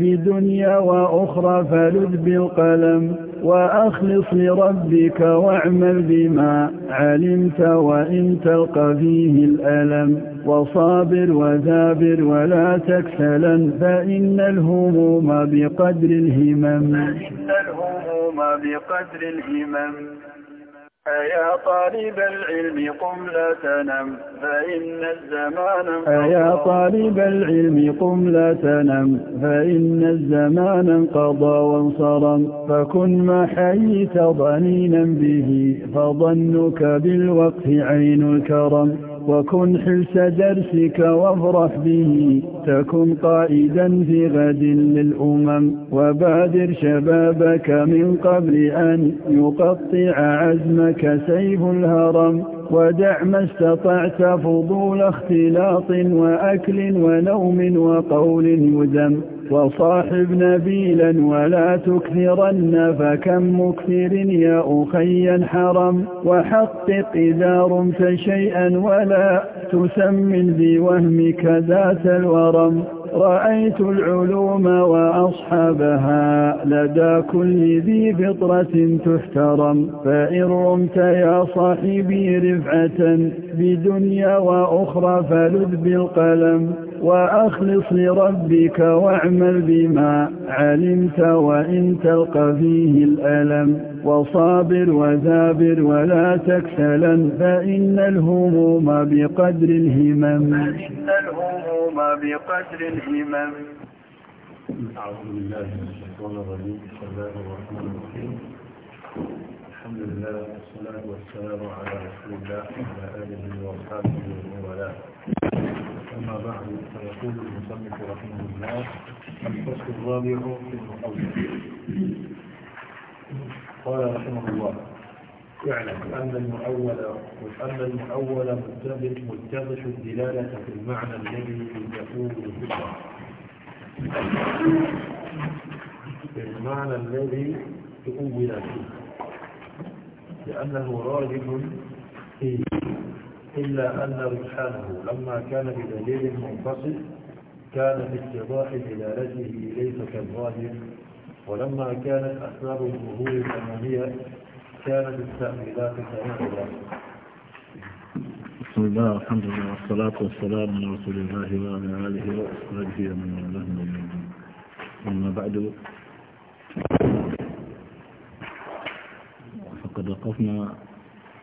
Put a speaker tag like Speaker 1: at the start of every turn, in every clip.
Speaker 1: بدنيا وأخرى فلذ بالقلم وأخلص لربك واعمل بما علمت وإن تلقى فيه الألم وصابر وذابر ولا تكسلا فإن الهموم بقدر الهمم فإن الهموم بقدر الهمم أيا طالب العلم قم لا تنم فإن الزمان أيا طالب العلم قم لا تنم فإن الزمان انقضى وانصرم فكن ما حييت ضنينا به فظنك بالوقت عين الكرم وكن حلس درسك وافرح به تكن قائدا في غد للأمم وبادر شبابك من قبل أن يقطع عزمك سيف الهرم ودع ما استطعت فضول اختلاط وأكل ونوم وقول يذم وصاحب نبيلا ولا تكثرن فكم مكثر يا أخي حرم وحقق إذا رمت شيئا ولا تسمن بوهمك ذات الورم رأيت العلوم وأصحابها لدى كل ذي فطرة تحترم فإن رمت يا صاحبي رفعة بدنيا وأخرى فلذ بالقلم وأخلص لربك واعمل بما علمت وإن تلقى فيه الألم وصابر وذابر ولا تكسلا فإن الهموم بقدر الهمم فإن الهموم بقدر الهمم
Speaker 2: أعوذ بالله من الشيطان الرجيم بسم الله الرحمن الرحيم الحمد لله والصلاة والسلام على رسول الله وعلى آله وأصحابه أما بعد فيقول المصنف رحمه الله الفصل الرابع في المقوم قال رحمه الله اعلم أن المؤول أن المؤول متبت الدلالة في المعنى الذي يقول في المعنى الذي تؤول فيه لأنه راجح فيه إلا أن رجحانه لما كان بدليل منفصل كان باتضاح دلالته ليس كالظاهر ولما كانت أسباب الظهور الأمامية كانت التأويلات كالظاهر بسم الله والحمد لله والصلاة والسلام على رسول الله وعلى آله وأصحابه ومن والاه أجمعين أما بعد فقد وقفنا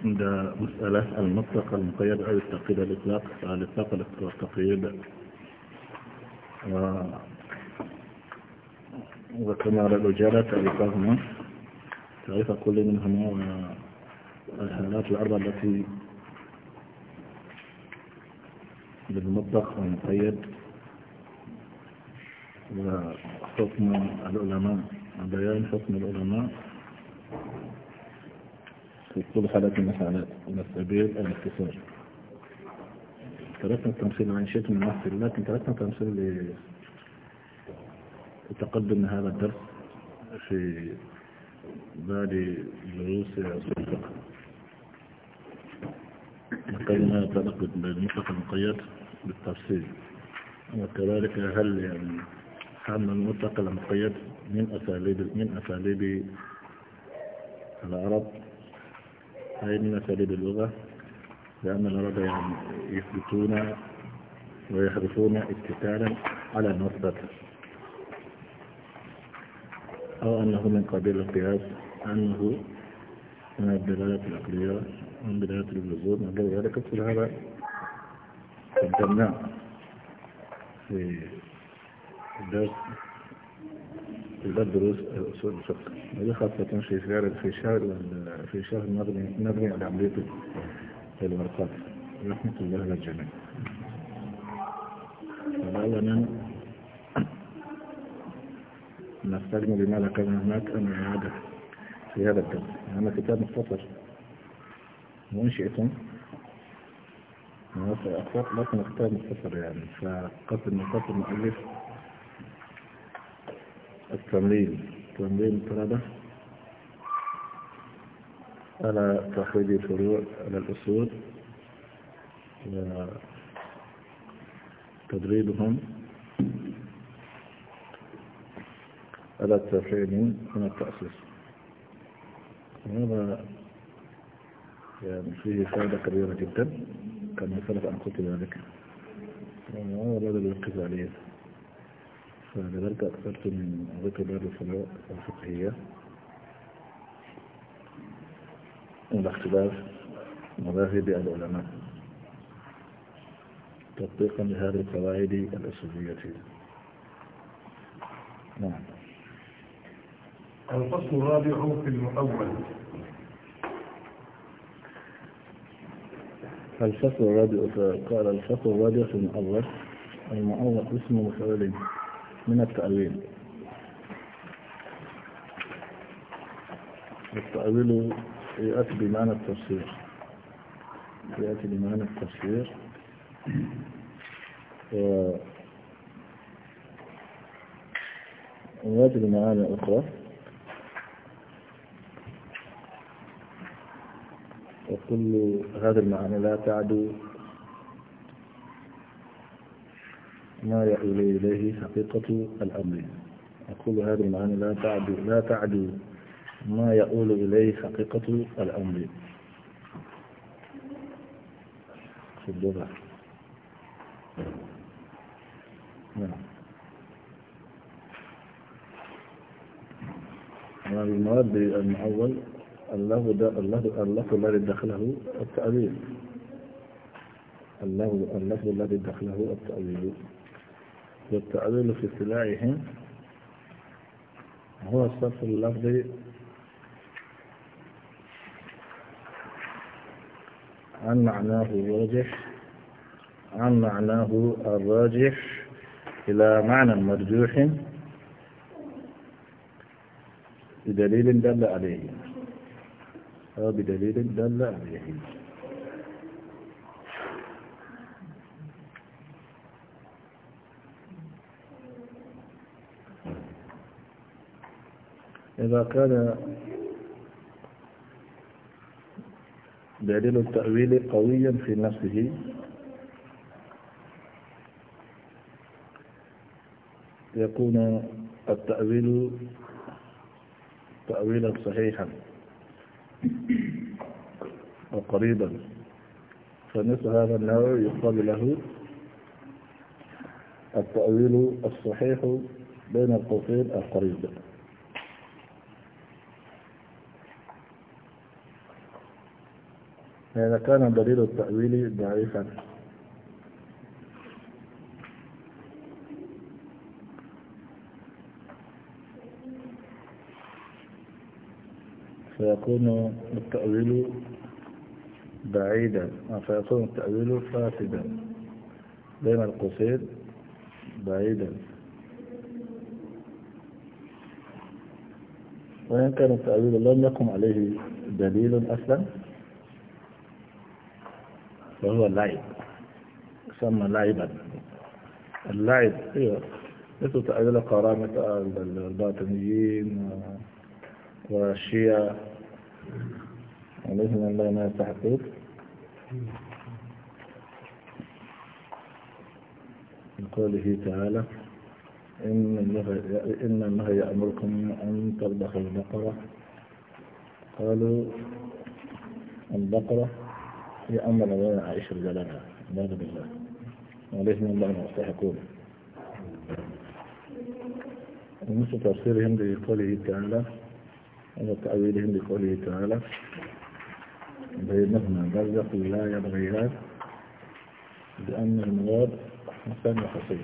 Speaker 2: عند مسألة المطلق المقيد أو التقييد الإطلاق الإطلاق والتقييد وكما آه، على الأجالة تعرفهما تعرف كل منهما الحالات الأربعة التي للمطلق والمقيد وحكم العلماء بيان حكم العلماء في كل حالات من الحالات من السبيل الاختصار تركنا التمثيل عن يعني شيء من نفس لكن تركنا التمثيل لتقدم هذا الدرس في بعد دروس أصول الفقه نتكلم ما بالمطلق المقيد بالتفصيل وكذلك هل يعني حمل المطلق المقيد من أساليب من أساليب العرب هذه من أساليب اللغة لان أراد يعني يثبتون ويحرفون اتكالا على مصدر أو أنه من قبيل القياس أنه من الدلالات العقلية ومن دلالات اللزوم من غير ذلك كل هذا قدمناه في الدرس الباب دروس أصول الفقه هذه خاصة في شهر في شهر في شهر مبني مبني على عملية الورقات رحمة الله على الجميع. أولا نستجمع بما كان هناك أن إعادة في هذا الدرس لان كتاب مختصر وإن شئتم أكثر لكن كتاب مختصر يعني فقصد مختصر مؤلف التمرين تمرين الطلبة على تحويل الفروع على الأصول وتدريبهم على التفعيل من التأسيس وهذا يعني فيه فائدة كبيرة جدا كما يسألك أن قلت ذلك هذا بدل القتالية فلذلك أكثرت من ذكر باب الفروع الفقهية والاختلاف مذاهب العلماء تطبيقا لهذه القواعد الأصولية نعم الفصل الرابع في المؤول الفصل الرابع قال الفصل الرابع في المؤول المؤول اسم مفعول من التأويل التأويل يأتي بمعنى التفسير يأتي بمعنى التفسير ويأتي بمعاني أخرى وكل هذه المعاني لا تعدو ما يحول إليه حقيقة الأمر أقول هذا المعنى لا تعدو لا تعدو ما يؤول إليه حقيقة الأمر في نعم المراد المعول الله ده الله اللفظ الذي دخله التأويل الله اللفظ الذي دخله التأويل والتعليل في سلاعهم هو الصرف اللفظي عن معناه الراجح عن معناه الراجح إلى معنى مرجوح بدليل دل عليه أو بدليل دل عليه إذا كان دليل التأويل قويا في نفسه يكون التأويل تأويلا صحيحا وقريبا فمثل هذا النوع يقال له التأويل الصحيح بين القوسين القريبين إذا كان دليل التأويل ضعيفا فيكون التأويل بعيدا آه، فيكون التأويل فاسدا بين القصير بعيدا وإن كان التأويل لم يقم عليه دليل أصلا فهو لعب يسمى لعبا اللعب ايوه مثل تأويل كرامة الباطنيين والشيعة وليس الله ما يستحقون لقوله تعالى إن الله يأمركم أن تربخوا البقرة قالوا البقرة هي أما لنا عائشة رضي الله عنها عباد بالله وليس من الله مستحقون ومثل تفسيرهم لقوله تعالى وتأويلهم لقوله تعالى بينهما برزق لا يبغيان بأن المراد حسن وحسين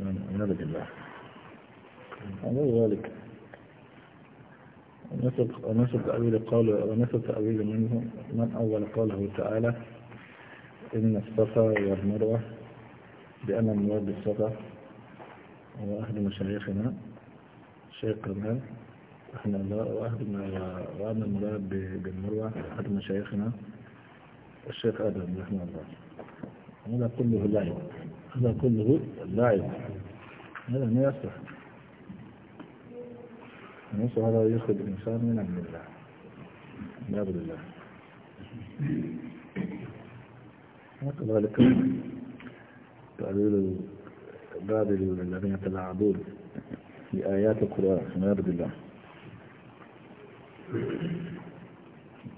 Speaker 2: نعم، والعياذ بالله على ذلك نسب تأويل قول ونسب تأويل منه من أول قوله تعالى إن الصفا والمروة بأن المراد بالصفا هو أحد مشايخنا شيخ كمال رحمه الله وأحد وأن المراد بالمروة أحد مشايخنا الشيخ آدم رحمه الله هذا كله لعب هذا كله لعب هذا ما يصلح نص هذا يخرج الإنسان من أمر الله من أمن الله وكذلك تعليل بعض الذين يتلاعبون في آيات القرآن من أمر الله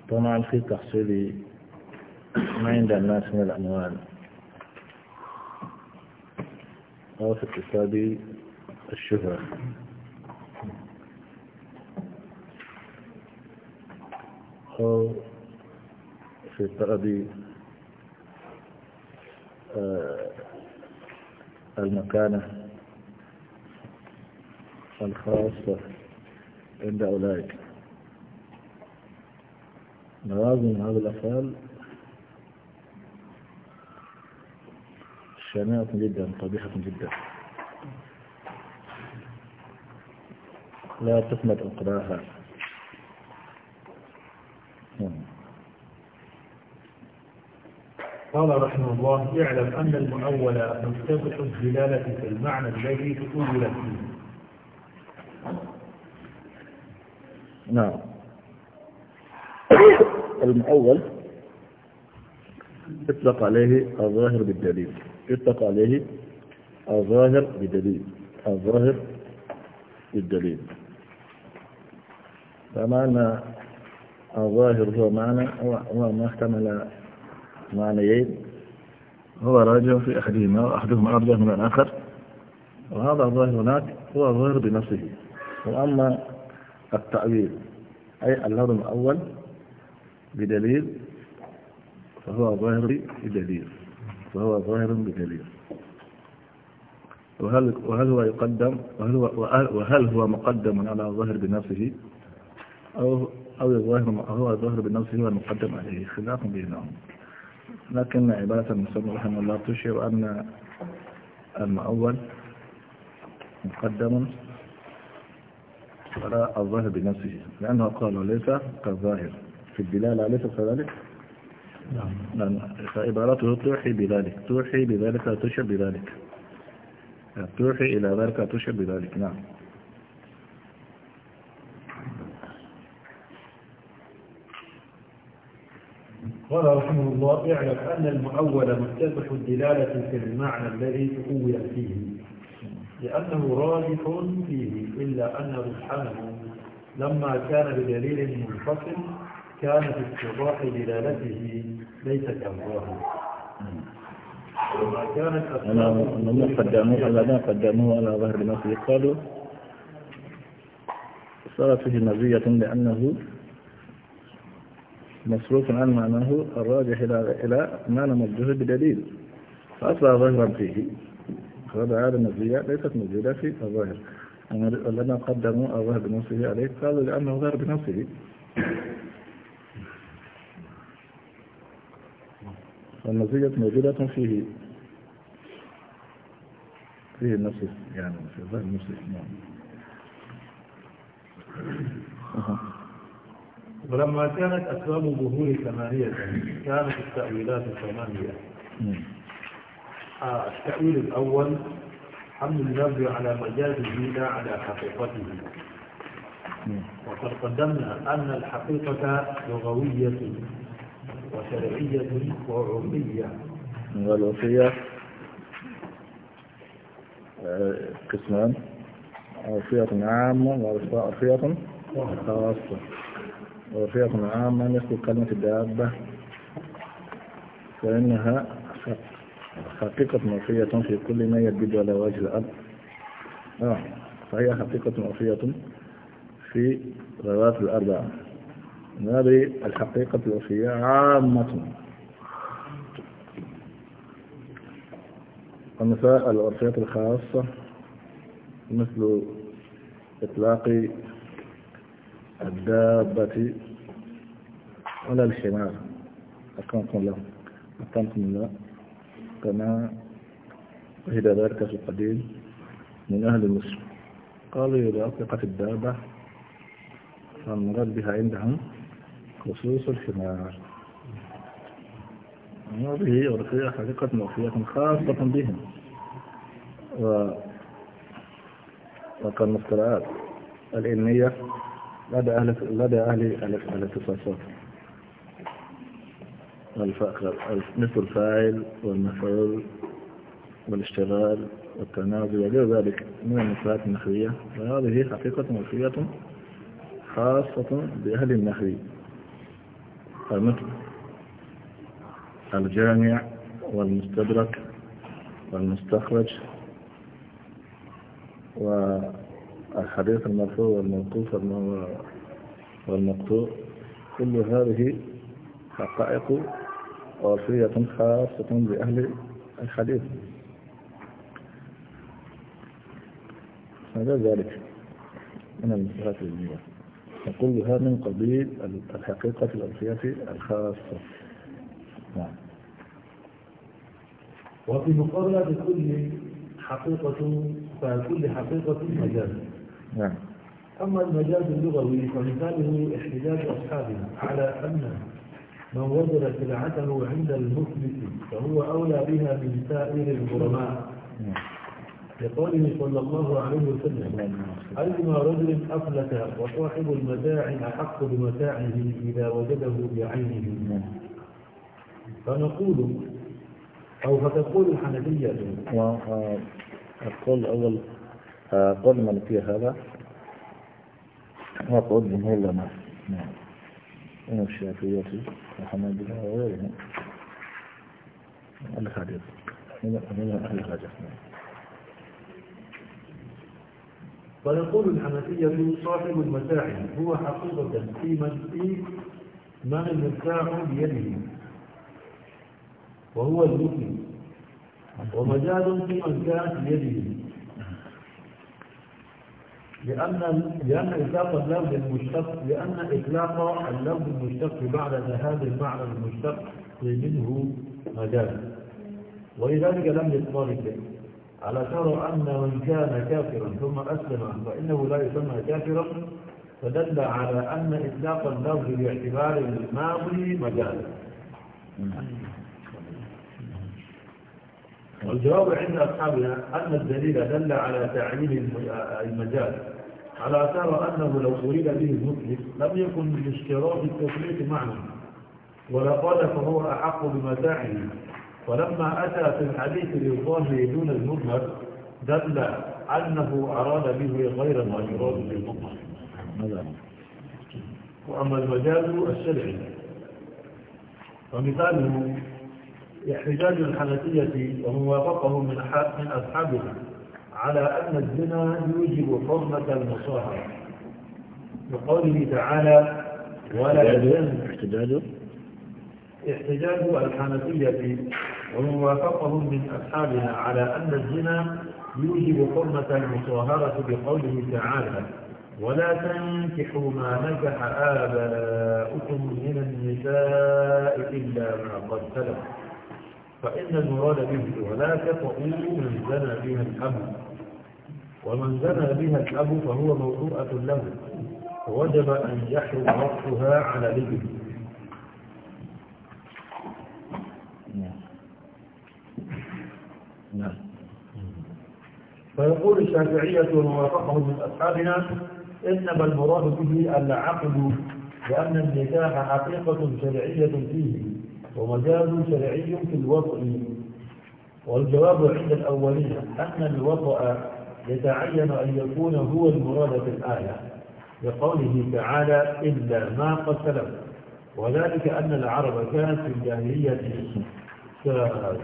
Speaker 2: طمعا في تحصيل ما عند الناس من الأموال أو في اقتصاد الشهرة أو في طلب آه، المكانة الخاصة عند أولئك من هذه الأفعال شنيعة جدا قبيحة جدا لا تثمت أقراها قال رحمه الله اعلم أن المؤول مفتتح الدلالة في المعنى الذي تقول فيه نعم المؤول اطلق عليه الظاهر بالدليل اطلق عليه الظاهر بدليل الظاهر بالدليل فمعنى الظاهر هو معنى هو ما احتمل معنيين إيه؟ هو راجع في أحدهما وأحدهما أرجع من الآخر وهذا الظاهر هناك هو الظاهر بنفسه وأما التأويل أي اللون الأول بدليل فهو ظاهر بدليل فهو ظاهر بدليل وهل وهل هو يقدم وهل هو وهل هو مقدم على ظاهر بنفسه أو أو الظاهر هو الظاهر بنفسه والمقدم عليه خلاف بينهم لكن عبارة المسلم رحمه الله تشير أن المأول مقدم على الظاهر بنفسه لأنه قال وليس كالظاهر في الدلالة ليس كذلك نعم. نعم فعبارته توحي بذلك توحي بذلك تشير بذلك توحي إلى ذلك تشير بذلك نعم قال رحمه الله اعلم أن المؤول متبح الدلالة في المعنى الذي تؤول فيه لأنه راجح فيه إلا أن رجحانه لما كان بدليل منفصل كان في اتضاح دلالته ليس كالظاهر وما كانت أسباب قدموه على قدموه على ظهر نفسه قالوا صار فيه مزية لأنه مصروف عن معناه الراجح إلى إلى ما نمده بدليل فأصبح ظاهرا فيه هذا هذا النزية ليست موجوده في الظاهر الذين قدموا الظاهر بنفسه عليه قالوا لأنه ظاهر بنفسه فالنزية موجودة فيه فيه النفس يعني في الظاهر نفسه نعم ولما كانت أكرام ظهور ثمانية كانت التأويلات ثمانية آه، التأويل الأول حمل الله على مجازه لا على حقيقته وقد قدمنا أن الحقيقة لغوية وشرعية وعرفية والعرفية آه، قسمان عرفية عامة وعرفية خاصة وفيكم العام من كلمة الدابة فإنها حقيقة مرفية في كل ما يبدو على وجه الأرض آه. فهي حقيقة مرفية في روايات الأرض هذه الحقيقة الوفية عامة النساء الوفية الخاصة مثل إطلاق الدابة ولا الحمار أكرمكم الله أكرمكم الله كما وجد ذلك في القديم من أهل مصر قالوا إذا أطلقت الدابة فالمراد بها عندهم خصوص الحمار هذه عرفية حقيقة مؤفية خاصة بهم و... وكالمخترعات العلمية لدى أهل لدى أهل الاختصاصات مثل الفاعل والمفعول والاشتغال والتنازل وغير ذلك من المصطلحات النحوية وهذه حقيقة مرفية خاصة بأهل النحو المثل الجامع والمستدرك والمستخرج و الحديث المرفوع والمنقوص والمقطوع كل هذه حقائق وصية خاصة بأهل الحديث هذا ذلك من المسلحات العلمية وكلها من قبيل الحقيقة العرفية الخاصة نعم وفي مقابلة كل حقيقة فكل حقيقة مجال نعم أما المجاز اللغوي فمثاله احتجاج أصحابه على أن من وجد سلعته عند المثبت فهو أولى بها من سائر الغرماء نعم. لقوله صلى الله عليه وسلم نعم. أيما رجل أفلت وصاحب المتاع أحق بمتاعه إذا وجده بعينه نعم. فنقول أو فتقول الحنفية القول آه، أول من المالكية هذا ما قول نعم من الشافعية والحنابلة وغيرهم أهل الحديث من أهل الحديث ويقول الحنفية صاحب المتاعب هو حقيقة في من من المتاع بيده وهو المسلم ومجال في من كان بيده لأن لأن إطلاق اللفظ المشتق لأن إطلاق اللفظ المشتق بعد ذهاب المعنى المشتق منه مجال ولذلك لم يطلق على ترى أن من كان كافرا ثم أسلم فإنه لا يسمى كافرا فدل على أن إطلاق اللفظ باعتبار الماضي مجال والجواب عند أصحابنا أن الدليل دل على تعليل المجال على ترى أنه لو أريد به المطلق لم يكن لاشتراك التفريق معنى ولا قال فهو أحق بمتاعه ولما أتى في الحديث للظاهر دون المظهر دل أنه أراد به غير ما يراد بالمطلق وأما المجال الشرعي فمثاله احتجاج الحنفية وموافقهم من من أصحابها على أن الزنا يوجب حرمة المصاهرة بقوله تعالى ولا احتجاج احتجاج الحنفية وموافقهم من أصحابها على أن الزنا يوجب حرمة المصاهرة بقوله تعالى ولا تنكحوا ما نكح آباؤكم من النساء إلا ما قد سلف فإن المراد به الولاة تقوم من زنى بها الأب ومن زنى بها الأب فهو موضوعة له وجب أن يحرم وقتها على لبه فيقول الشافعية ووافقه من أصحابنا إنما المراد به العقد لأن النكاح حقيقة شرعية فيه ومجاز شرعي في الوضع والجواب عند الأولين أن الوضع يتعين أن يكون هو المراد في الآية لقوله تعالى إلا ما قد وذلك أن العرب كانت في الجاهلية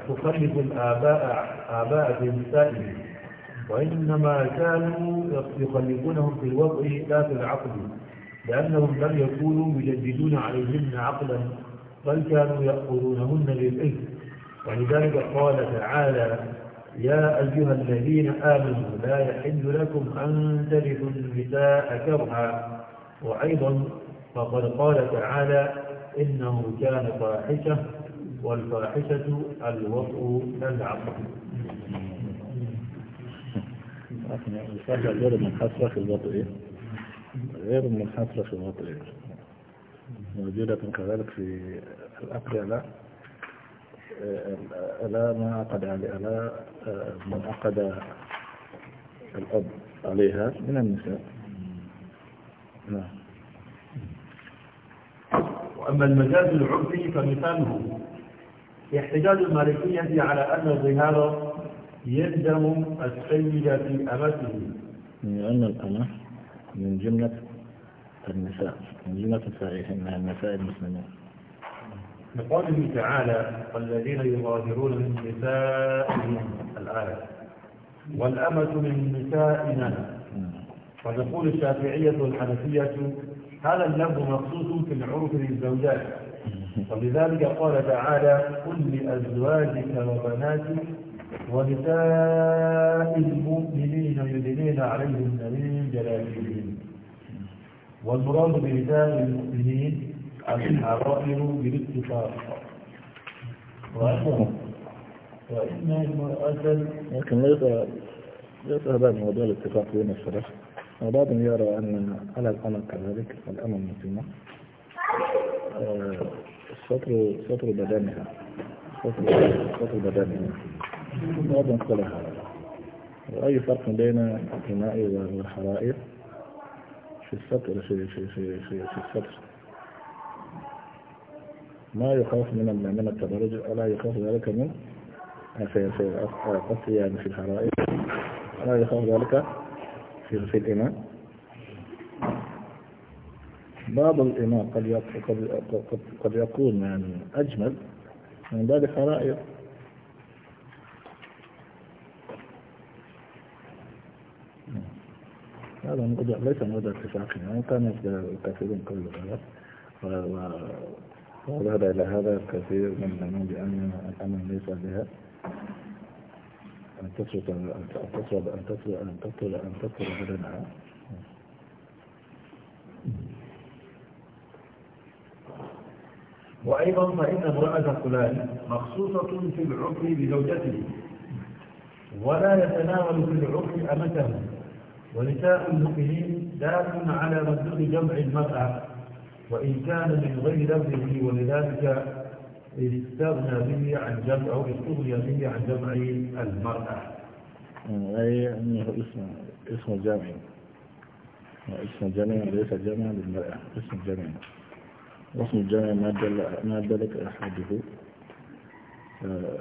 Speaker 2: تخلف الآباء آباء بنسائهم وإنما كانوا يخلفونهم في الوضع لا في العقل لأنهم لم يكونوا يجددون عليهن عقلا بل كانوا يأخذونهن للإذن ولذلك قال تعالى يا أيها الذين آمنوا لا يحل لكم أن ترثوا النساء كرها وأيضا فقد قال تعالى إنه كان فاحشة والفاحشة الوضع العقل غير منحصرة في الوضع غير منحصرة في الوضع موجودة كذلك في لا لا ما عقد لا من عقد الأب عليها من النساء نعم وأما المجاز العرفي فمثاله احتجاج المالكية على أن الظهار يلزم السيدة في أمته لأن الأمة من جملة النساء من جملة من النساء المسلمين لقوله تعالى والذين يظاهرون من نسائهم الآية والأمة من نسائنا فتقول الشافعية والحنفية هذا اللفظ مخصوص في العرف للزوجات ولذلك قال تعالى قل لأزواجك وبناتك ونساء المؤمنين يدنين عليهم من جلالهم والمراد برداء المؤمنين الحرائر بالاتفاق وإما المرأة لكن ليس هذا موضوع الاتفاق بين الشرح وبعضهم يرى أن على الأمل كذلك الأمل مسلمة آه، سطر سطر بدنها سطر سطر بدنها بعض قال هذا وأي فرق بين الحماء والحرائر في السطر في في في في, في السطر ما يخاف من من التبرج ألا يخاف ذلك من في في قصدي يعني في الحرائق ألا يخاف ذلك في في الإمام بعض الإمام قد قد قد يكون يعني أجمل من باب الحرائق هذا موضوع ليس موضوع اتفاقي يعني كان الكثيرون كل هذا وذهب إلى هذا الكثير من الأمم بأن الأمر ليس بها أن تسرد أن تسرد أن تسرد أن تسرد أن تسرد بدنها وأيضا فإن امرأة فلان مخصوصة في العقل بزوجته ولا يتناول في العقل أمته ونساء المؤمنين دال على مبلغ جمع المرأة وإن كان من غير لفظه ولذلك استغنى به عن جمع أو استغني به عن جمع المرأة أي أنه اسم اسم جامع اسم جامع ليس جامع للمرأة اسم جامع اسم جامع ما دل ما دلت أحده آه،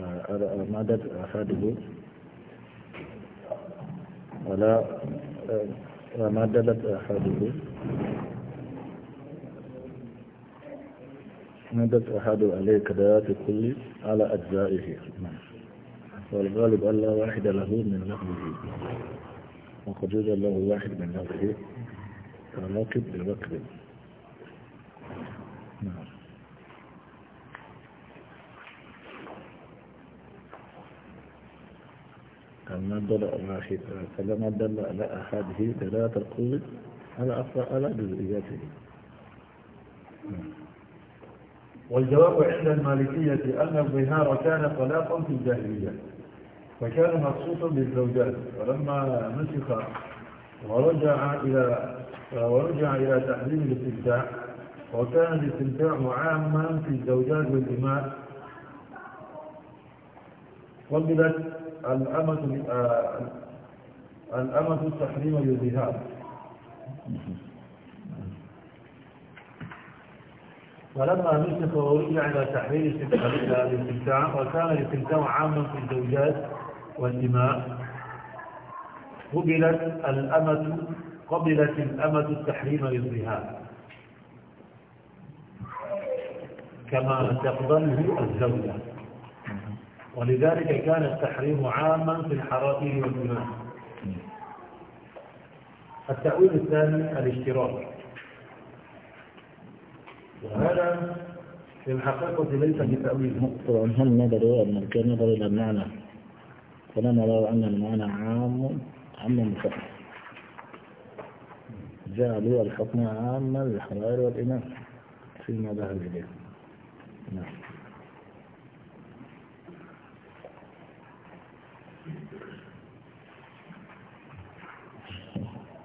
Speaker 2: آه، آه، ما دلت أحده ولا آه، ما دلت أحاده ما دلت أحاده عليه كذلك كل على أجزائه والغالب أن لا واحد له من لفظه وقد يوجد له واحد من لفظه كراكب لركب المادة الواحدة فلما دل على أحده فلا تقول على أصل على جزئياته والجواب عند المالكية أن الظهار كان طلاقا في الجاهلية فكان مخصوصا بالزوجات ولما نسخ ورجع إلى ورجع إلى تحريم الاستمتاع وكان الاستمتاع عاما في الزوجات والدماء قبلت الأمة آه، الأمة التحريم بالذهاب فلما نسخ ورجع إلى تحرير الاستمتاع وكان الاستمتاع عاما في الزوجات والدماء قبلت الأمة قبلت الأمة التحريم للرهاب كما تقبله الزوجة ولذلك كان التحريم عاما في الحرائر والدماء التأويل الثاني الاشتراك وهذا في الحقيقة ليس بتأويل هل نظروا أن كان نظر إلى المعنى فلا نرى أن المعنى عام عما الحكم جعلوا الحكم عاما للحرائر والإمام فيما ذهب إليه نعم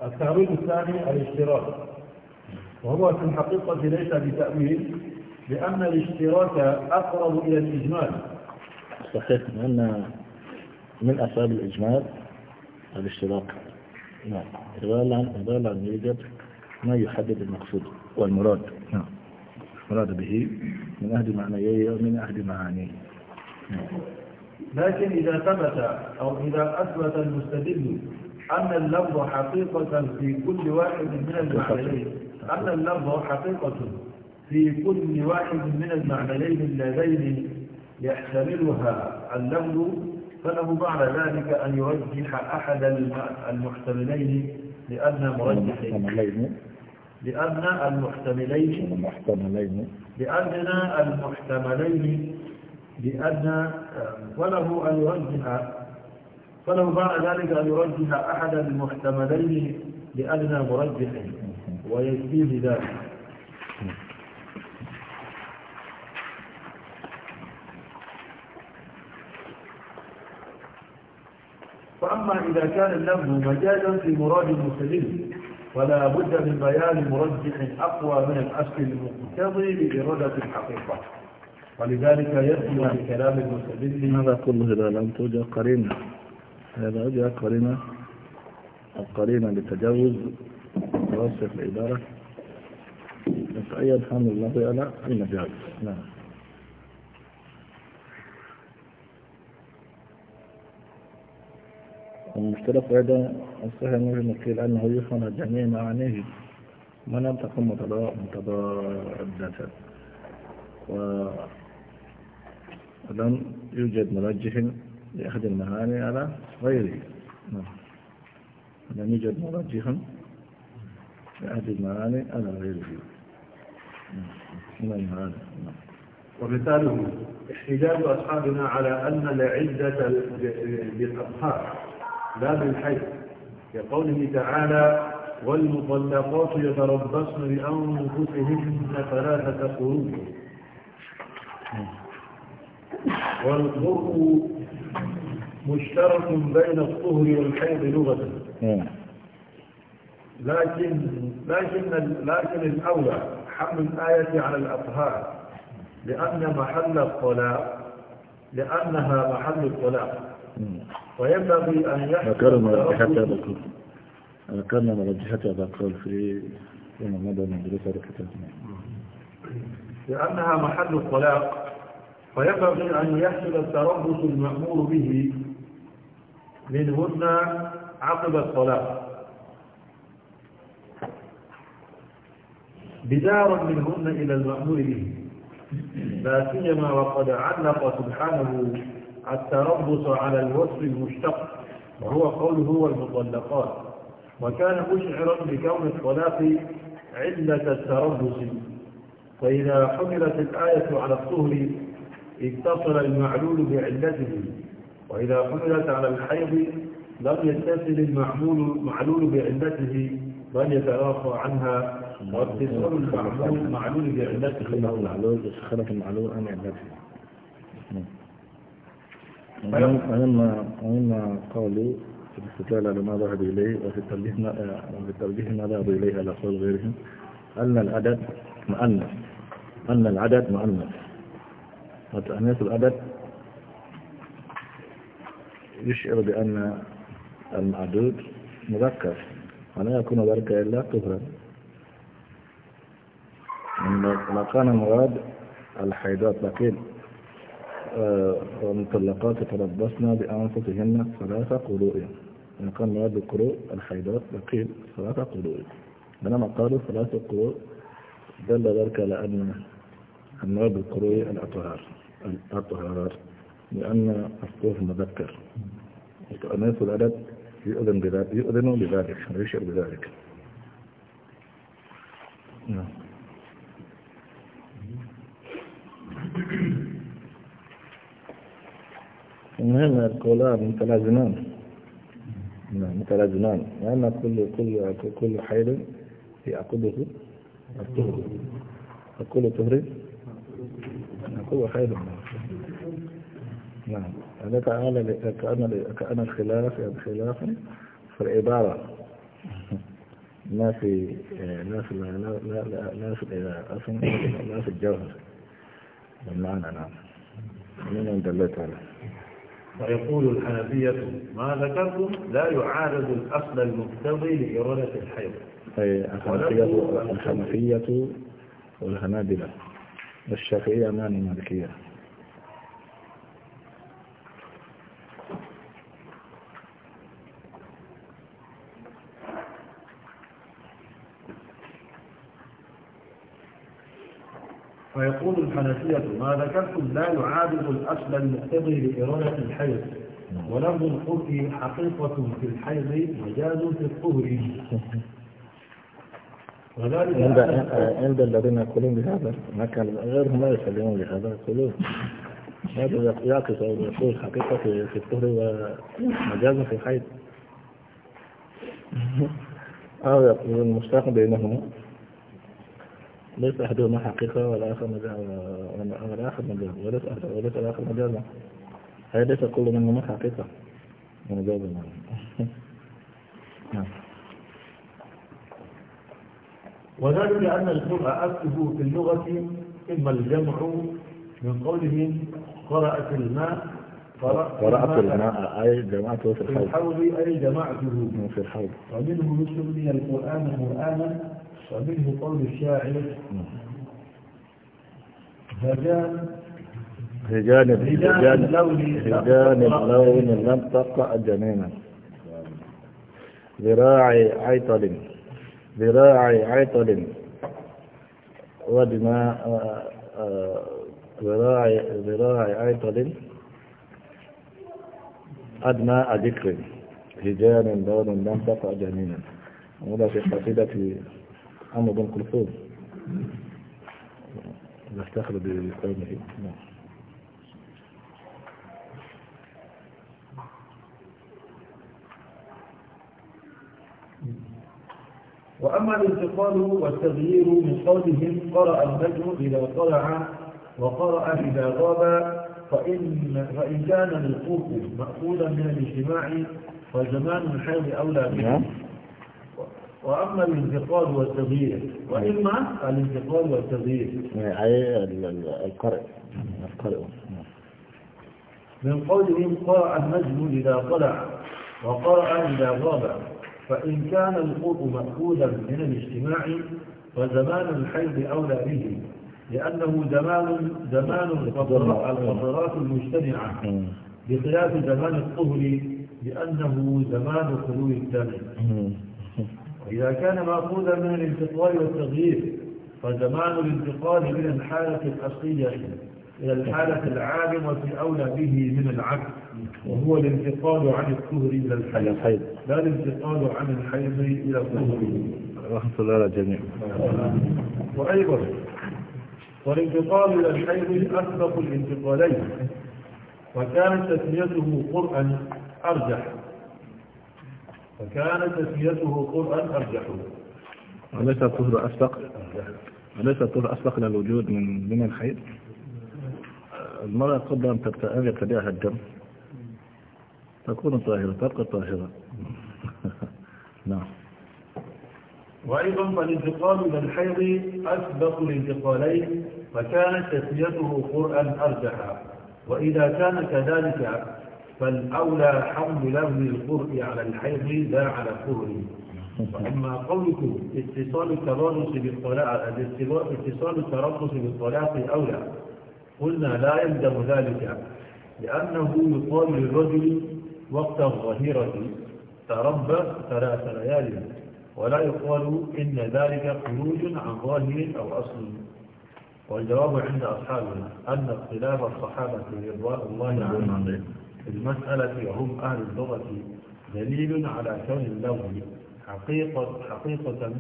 Speaker 2: التعريض الثاني الاشتراك وهو في الحقيقة ليس بتأويل لأن الاشتراك أقرب إلى الإجمال صحيح لأن من أسباب الإجمال الاشتراك نعم عبارة عن يوجد ما يحدد المقصود والمراد نعم مراد به من أهل معنيه ومن أهل معانيه نعم لكن إذا ثبت أو إذا أثبت المستدل أن اللفظ حقيقة في كل واحد من المعنيين أن اللفظ حقيقة في كل واحد من المعنيين اللذين يحتملها اللفظ فله بعد ذلك أن يرجح أحد المحتملين لأن مرجحين لأن المحتملين لأن المحتملين لأن فله أن يرجح فله بعد ذلك أن يرجح أحد المحتملين لأدنى مرجح ويكفيه ذلك فأما إذا كان اللفظ مجازا في مراد المسلم فلا بد من بيان مرجح أقوى من الأصل المقتضي لإرادة الحقيقة ولذلك يدخل بكلام كلام المستدل هذا كله إذا لم توجد قرينة هذا وجد قرينة القرينة لتجاوز توصف الإدارة نتأيد حمد الله على المجال نعم المشترك هذا السهل من الكيل أنه يصنع جميع معانيه ما لم تكن متضادة لم يوجد مرجح لأحد المهاني على غيره نعم. لم يوجد مرجح لأحد المهاني على غيره من هذا ومثاله احتجاج أصحابنا على أن العدة للأطهار لا بالحيث كقوله تعالى والمطلقات يتربصن بأنفسهن ثلاثة قروء نعم. والظهر مشترك بين الطهر والحيض لغة نعم. لكن لكن لكن الأولى حمل الآية على الأطهار لأن محل الطلاق لأنها محل الطلاق وينبغي أن يحكم ذكرنا مرجحة هذا القول ذكرنا رجحت هذا القول في مدى من دراسة الكتاب لأنها محل الطلاق فينبغي أن يحصل التربص المأمور به منهن عقب الطلاق بدارا منهن إلى المأمور به لا سيما وقد علق سبحانه التربص على الوصف المشتق وهو قوله والمطلقات وكان مشعرا بكون الطلاق علة التربص فإذا حملت الآية على الطهر اتصل المعلول بعلته وإذا حملت على الحيض لم يتصل المعلول معلول بعلته بل يتراخى عنها واتصال المعلول معلول بعلته المعلول خلق المعلول عن علته نعم. أما قولي في الاستدلال على ما ذهب إليه وفي التوجيه وفي التوجيه ما ذهب إليه على قول غيرهم أن العدد مؤنث أن العدد مؤنث وتأنيث الأدب يشعر بأن المعدود مذكر ولا يكون ذلك إلا طفلا لو كان مراد الحيدات لكن والمطلقات آه، تربصن بأنفسهن ثلاثة قروء إن كان مراد القروء الحيدات لكن ثلاثة قروء بينما قالوا ثلاثة قروء دل ذلك على أن النواب القروي الأطهار الأطهار لأن الصوف مذكر التأنيث العدد يؤذن بذلك يؤذن بذلك ويشعر بذلك نعم المهم القولان متلازمان نعم متلازمان لأن كل كل كل حيل يعقده الطهر وكل طهر هو خير نعم هذا يعني كأن كأن كأن الخلاف يعني خلاف في العبارة ما في لا في لا لا لا لا في لا في الجوهر بالمعنى نعم من عند الله تعالى ويقول الحنفية ما ذكرتم لا يعارض الأصل المقتضي لإرادة الحيض أي الحنفية الحنفية والحنابلة الشافعية أمام المالكية فيقول الحنفية ما ذكرتم لا يعادل الأصل المقتضي لإرادة الحيض ولفظ القرء حقيقة في الحيض مجاز في الطهر عند عند الذين يقولون بهذا ما كان غيرهم لا يسلمون بهذا يقولون هذا يعكس او يقول حقيقه في الطهر ومجازا في الحيض او يقول المشتاق بينهما ليس احدهما حقيقه والاخر مجازا والاخر مجازا وليس وليس الاخر مجازا هذا ليس كل منهما حقيقه مجازا نعم وذلك أن القرء أكتبوا في اللغة إما الجمع من قوله قرأت الماء قرأت الماء أي جمعته في الحوض في الحوض أي جمعته في الحوض ومنه يسمي القرآن قرآنا ومنه قول الشاعر هجان هجان هجان هجان اللون لم تقع جنينا ذراعي عيطل ذراع عطل ودماء آه، آه، ذراع ذراع عطل أدماء ذكر هجان دون لم تقع جنينا وهذا في قصيدة عمرو بن كلثوم نفتخر بقومه نعم وأما الانتقال والتغيير من قولهم قرأ النجم إذا طلع وقرأ إذا غاب فإن, فإن كان الوقوف مأخوذا من الاجتماع فزمان الحيض أولى به نعم. وأما الانتقال والتغيير وإما الانتقال والتغيير نعم، يعني القرء القرء من قولهم قرأ النجم إذا طلع وقرأ إذا غاب فإن كان القوط مأخوذا من الاجتماع فزمان الحيض أولى به لأنه زمان زمان القدرات المجتمعة بخلاف زمان الطهر لأنه زمان خلو الدم وإذا كان مأخوذا من الانتقال والتغيير فزمان الانتقال من الحالة الأصلية إلى الحالة العالمة أولى به من العكس وهو الانتقال عن الطهر إلى الحيض لا الانتقال عن الحيض إلى الطهر رحمة الله على الجميع وأيضا والانتقال إلى الحيض أسبق الانتقالين وكان تسميته قرآن أرجح فكان تسميته قرآن أرجح
Speaker 1: وليس الطهر أسبق
Speaker 2: وليس الطهر أسبق للوجود من من الحيض المرأة قبل أن تبتأذي تبيعها الدم تكون طاهرة تبقى طاهرة نعم وأيضا فالانتقال من الحيض أسبق الانتقالين فكانت تسميته قرآن أرجح وإذا كان كذلك فالأولى حمل لفظ القرء على الحيض لا على القرء وأما قولكم اتصال الترانس بالطلاق اتصال الترانس بالطلاق أولى قلنا لا يلزم ذلك لأنه يقال للرجل وقت الظهيرة تربى ثلاث ليال ولا يقال إن ذلك خروج عن ظاهر أو أصل والجواب عند أصحابنا أن اختلاف الصحابة رضوان الله عنهم نعم. في المسألة وهم أهل اللغة دليل على كون اللغة حقيقة حقيقة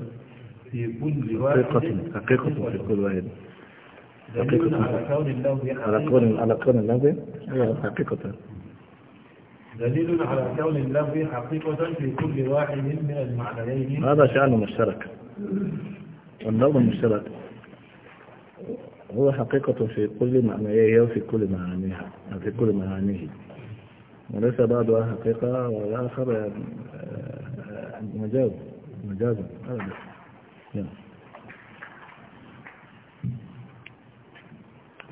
Speaker 2: في كل واحد حقيقة حقيقة في كل واحد دليل على كون اللغة على كون اللغو حقيقة دليل على كون اللفظ حقيقة في كل واحد من المعنيين هذا شأن مشترك اللفظ المشترك هو حقيقة في كل معنيه وفي كل معانيها في كل معانيه وليس بعضها حقيقة والآخر آه، آه، مجاز مجازا أبدا نعم,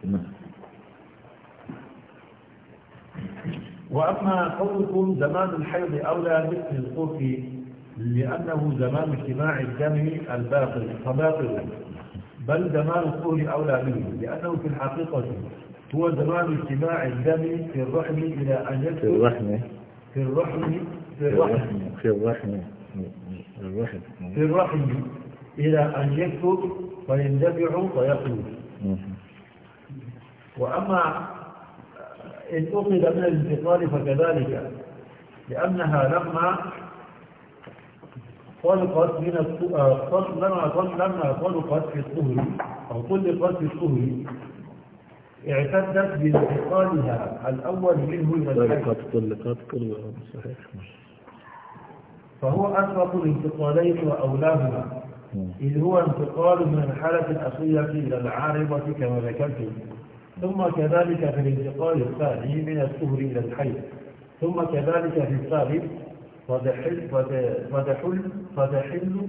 Speaker 2: نعم. وأما قولكم زمان الحيض أولى مثل القرف لأنه زمان اجتماع الدم الباطل فباطل بل زمان القرف أولى منه لأنه في الحقيقة هو زمان اجتماع الدم في الرحم إلى أن يدخل في الرحم في الرحم في الرحم في الرحم في الرحم إلى أن يكتب فيندفع فيخرج وأما إن أخذ من الانتقال فكذلك لأنها لما خلقت من آه، لما خلقت في الطهر أو طلقت في الطهر اعتدت بانتقالها الأول منه إلى طلقت طلقت كلها صحيح فهو أسبق الانتقالين وأولاهما إذ هو انتقال من الحالة الأخيرة إلى العارضة كما ذكرت ثم كذلك في الانتقال الثاني من السهر إلى الحي ثم كذلك في الثالث فتحل فتحل فتحل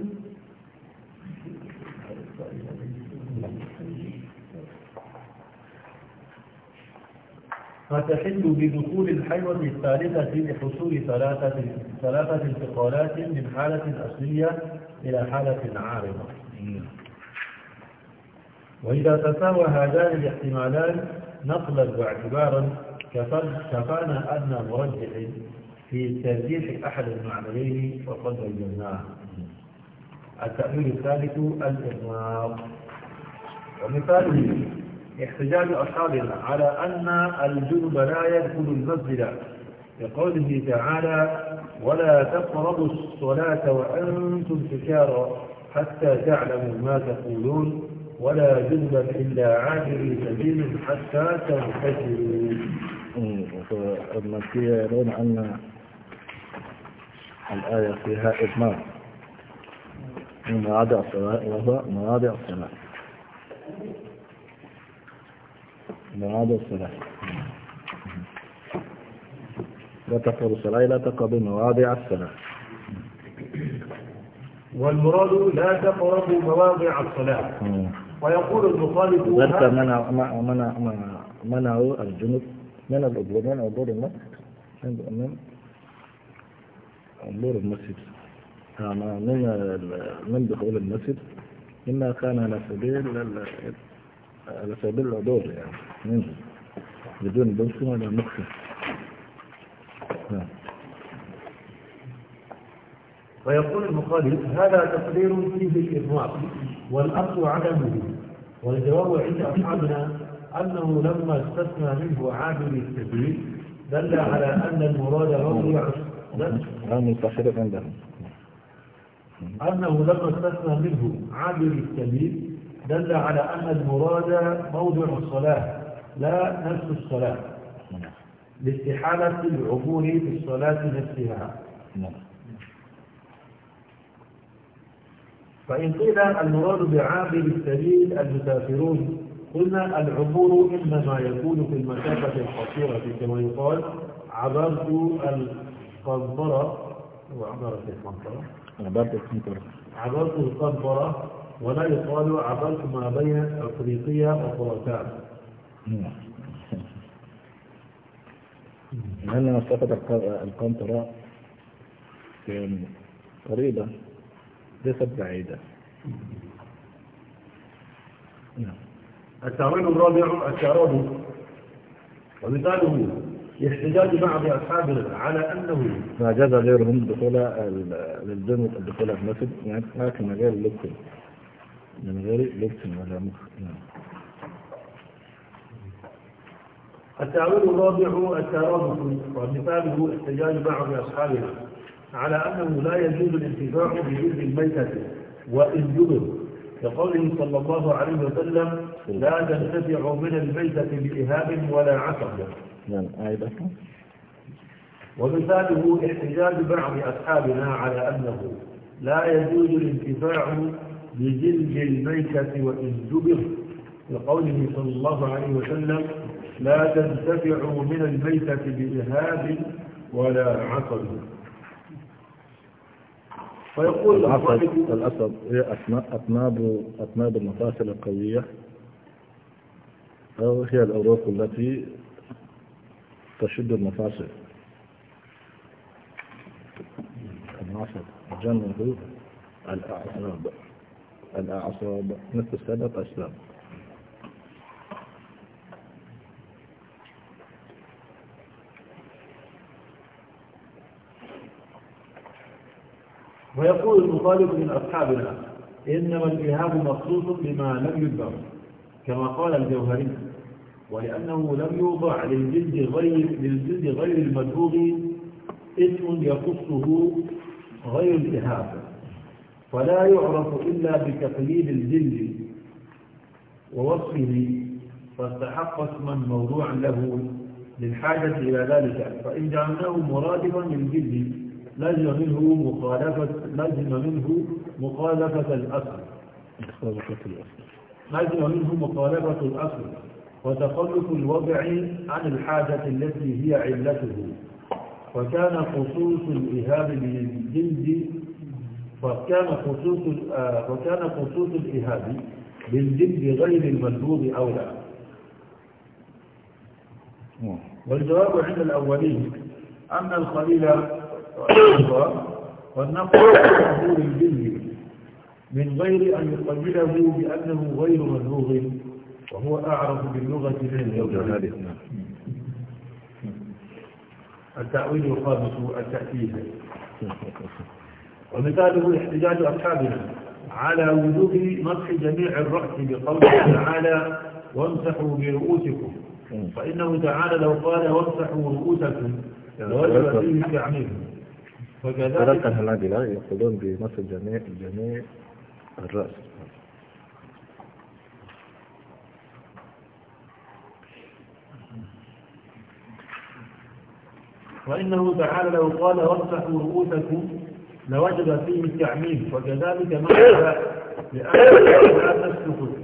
Speaker 2: فتحل بدخول الحيوة الثالثة لحصول ثلاثة ثلاثة انتقالات من حالة أصلية إلى حالة عارضة. وإذا تساوى هذان الاحتمالان نقلا واعتبارا كفانا أدنى مرجح في ترجيح أحد المعنيين فقد وجدناه التأويل الثالث الإغماض ومثاله احتجاج أصحابنا على أن الجنب لا يدخل المسجد لقوله تعالى ولا تقربوا الصلاة وأنتم سكارى حتى تعلموا ما تقولون ولا جنبا إلا عادل سبيل حتى تنتهي إيه، المكية يرون أن الآية فيها إدمان من مواضع الصلاة وهو مواضع الصلاة مواضع الصلاة لا تقبل الصلاة لا تقبل مواضع الصلاة والمراد لا تقرب مواضع الصلاة إيه. ويقول المخالف ذلك منع منع منع الجنود من الأبواب من أبواب المسجد من أبواب المسجد نعم، من من دخول المسجد مما كان على سبيل على سبيل العبور يعني منه بدون بنسمة ولا مخفي نعم فيقول المخالف هذا تقدير فيه الإرهاب والأصل عدمه والجواب عند أصحابنا أنه لما استثنى منه عامل التدليل دل على أن المراد موضع عامل التحريف عندهم أنه لما استثنى منه عامل التدليل دل على أن المراد موضع الصلاة لا نفس الصلاة نعم. لاستحالة العبور في الصلاة نفسها نعم فإن قيل المراد بعابر السبيل المسافرون قلنا العبور إنما يكون في المسافة القصيرة كما يقال عبرت القنطرة وعبرت القنطرة عبرت القنطرة عبرت القنطرة ولا يقال عبرت ما بين أفريقيا وخراسان لأن مسافة القنطرة قريبة ليست بعيدة نعم. التعريب الرابع التعرب ومثاله احتجاج بعض أصحابنا على أنه ما جاز غيرهم دخول للجنة الدخول في المسجد يعني لكن من غير لبس من غير لبس ولا مخ نعم. التعويل الرابع الترابط ومثاله احتجاج بعض أصحابنا على أنه لا يجوز الانتفاع بجلد الميتة وإن جبر لقوله صلى الله عليه وسلم لا تنتفع من الميتة بإهاب ولا عصب نعم آية ومثاله احتجاج بعض أصحابنا على أنه لا يجوز الانتفاع بجلد الميتة وإن جبر لقوله صلى الله عليه وسلم لا تنتفع من الميتة بإهاب ولا عصب فيقول الأسد الأسد هي أتناب أتناب المفاصل القوية أو هي الأوراق التي تشد المفاصل العصب جنه الأعصاب الأعصاب مثل سبب أسباب ويقول المطالب من أصحابنا إنما الإيهاب مخصوص بما لم يدبر كما قال الجوهري ولأنه لم يوضع للجلد غير, للجلد غير المدبوغ اسم يخصه غير الإيهاب فلا يعرف إلا بتقليد الجلد ووصفه فاستحق اسما موضوعا له للحاجة إلى ذلك فإن جعلناه مرادفا للجلد لزم منه مخالفة لزم منه مخالفة الأصل مخالفة الأصل لزم منه مخالفة الأصل وتخلف الوضع عن الحاجة التي هي علته وكان خصوص الإهاب بالجلد وكان خصوص آه، وكان خصوص الإهاب بالجلد غير المندوب أولى نعم. والجواب عند الأولين أن الخليل والنقوى والنقوى ظهور الجلد من غير أن يقبله بأنه غير ملغوغ وهو أعرف باللغة من الغير التأويل الخامس التأكيد ومثاله احتجاج أصحابنا على وجوب مسح جميع الرأس بقوله تعالى وامسحوا برؤوسكم فإنه تعالى لو قال وامسحوا رؤوسكم لوجب فيه تعميمهم وكذلك لا يقولون بمثل جميع الجميع الرأس وإنه تعالى لو قال وارفعوا رؤوسكم لوجد فيه التعميم وكذلك ما
Speaker 1: لأن لا
Speaker 2: تسكت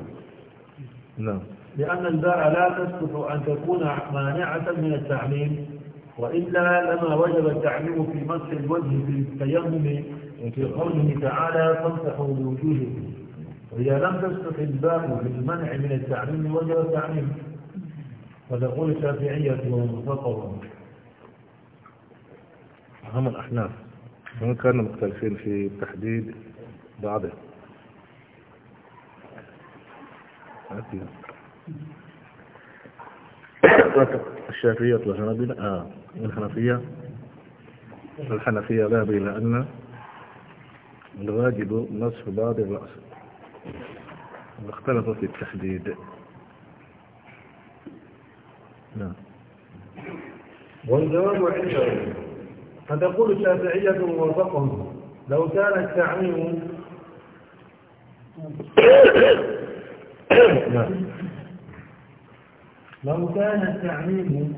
Speaker 2: نعم لأن الباء لا تسكت أن تكون مانعة من التعميم وإلا لما وجب التعليم في مسح الوجه في التيمم في قوله تعالى فامسحوا بوجوهكم وإذا لم تستطع الباب للمنع من التعليم وجب التعليم فتقول الشافعية ومطلقة هم الأحناف هم كانوا مختلفين في تحديد بعضهم الشافعية والحنفية آه، الحنفية ذهب إلى أن الواجب نصف بعض الرأس واختلفوا في التحديد نعم والجواب عندهم فتقول الشافعية ووافقهم لو كان التعميم نعم لو كان التعميم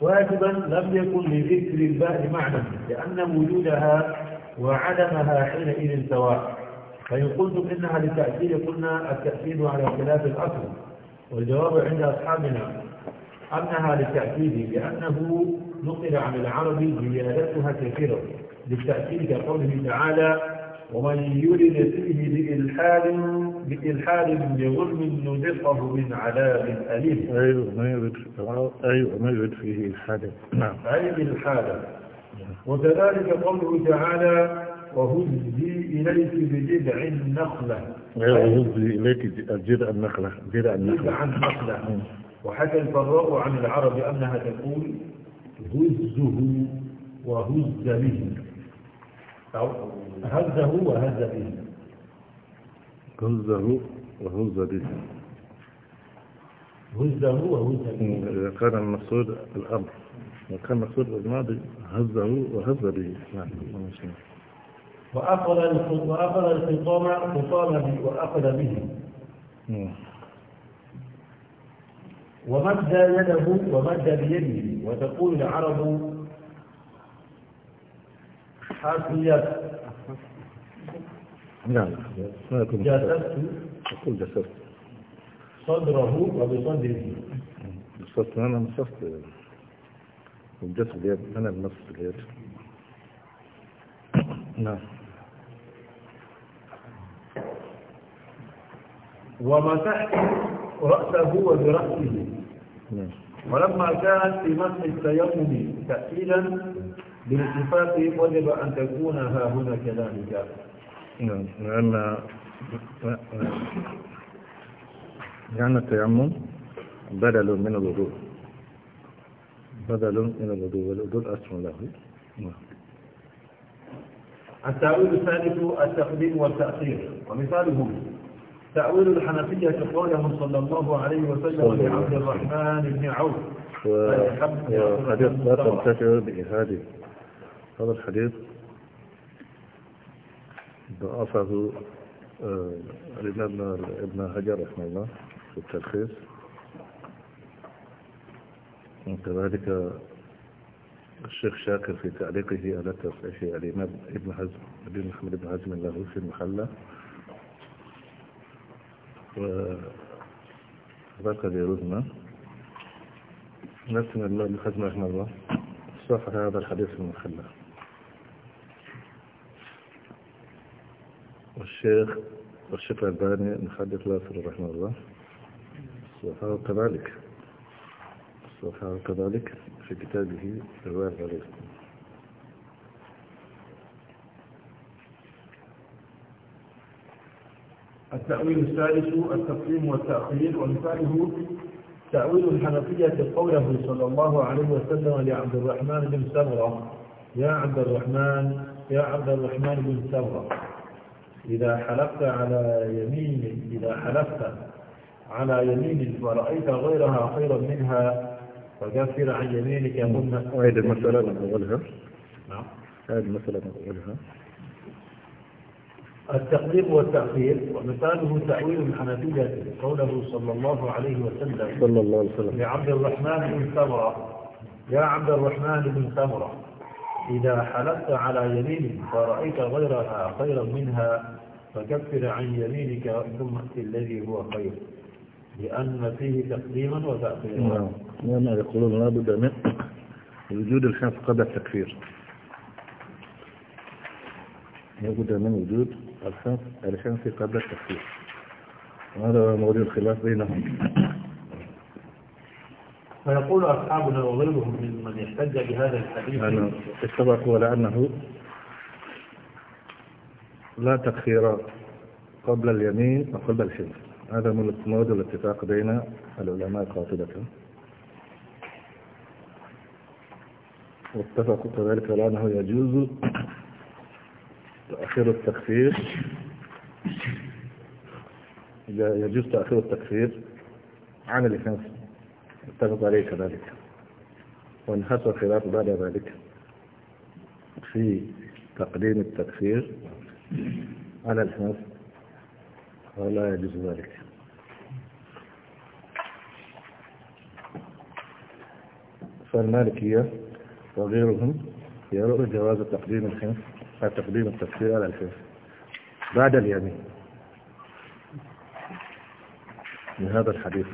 Speaker 2: واجبا لم يكن لذكر الباء معنى لأن وجودها وعدمها حينئذ سواء فإن قلتم إنها لتأثير قلنا التأثير على خلاف الأصل والجواب عند أصحابنا أنها للتأكيد لأنه نقل عن العرب زيادتها كثيرة للتأكيد كقوله تعالى ومن يرد فيه بإلحاد بإلحاد بظلم نذقه من عذاب أليم أيوه ما يرد أيوه ما يرد فيه إلحادا نعم أي إلحادا وكذلك قوله تعالى وهزي إليك بجذع النخلة أيوه وهزي إليك جذع النخلة جذع النخلة جذع النخلة وحكى الفراء عن العرب أنها تقول هزه وهز به أو هزه وهز به هزه وهز به هزه وهز به إذا كان المقصود الأمر إذا كان المقصود الماضي هزه وهز به نعم وأخذ وأخذ الخطام خطام وأخذ به نعم. ومد يده ومد بيده وتقول العرب حاكيت نعم ما يكون جاسست أقول جاسست صدره وبصدره جاسست أنا مسست الجسد اليد أنا المس اليد نعم ومسحت رأسه وبرأسه نعم ولما كانت في مسح التيمم تأكيدا بالاتفاق وجب أن تكون ها هنا كذلك نعم لأن يعني لأن التيمم بدل من الوضوء بدل من الوضوء والوضوء أصل له نعم التأويل الثالث التقديم والتأخير ومثاله تأويل الحنفية قولهم صلى الله عليه وسلم لعبد الرحمن بن عوف وحديث لا تنتشر بإهاده هذا الحديث ضعفه آه، الإمام ابن هجر رحمه الله في التلخيص وكذلك الشيخ شاكر في تعليقه على تصحيح الإمام ابن حزم ابن محمد بن حزم له في المحلة وذاك بيرودنا نفس ابن حزم رحمه الله صفح هذا الحديث في المحلة والشيخ والشيخ الباني المحدث لاسر رحمه الله صححه كذلك صححه كذلك في كتابه رواية عليه التأويل الثالث التقديم والتأخير ومثاله تأويل الحنفية قوله صلى الله عليه وسلم لعبد الرحمن بن سمرة يا عبد الرحمن يا عبد الرحمن بن سمرة إذا حلفت على يمين إذا حلفت على يمين ورأيت غيرها خيرا منها فكفر عن يمينك هن أعيد نعم. المسألة من أولها نعم أعيد المسألة من أولها التقديم والتأخير ومثاله تأويل الحنفية قوله صلى الله عليه وسلم صلى الله عليه وسلم لعبد الرحمن بن ثمرة يا عبد الرحمن بن ثمرة إذا حلفت على يمين فرأيت غيرها خيرا منها فكفر عن يمينك ثم الذي هو خير لأن فيه تقديما وتأخيرا نعم نعم يقولون لابد من وجود الخمس قبل التكفير لابد من وجود الخمس قبل التكفير هذا موضوع الخلاف بينهم فيقول أصحابنا وغيرهم ممن احتج بهذا الحديث أنا على انه لا تكفير قبل اليمين وقبل الشمس هذا مواد الاتفاق بين العلماء قاطبة واتفقوا كذلك على أنه يجوز تأخير التكفير يجوز تأخير التكفير عن الإثنين اتفق عليه كذلك وانحصر خلاف بعد ذلك في تقديم التكفير على الحنف ولا يجوز ذلك فالمالكية وغيرهم يرون جواز تقديم الحنف تقديم التكفير على الحنف بعد اليمين من هذا الحديث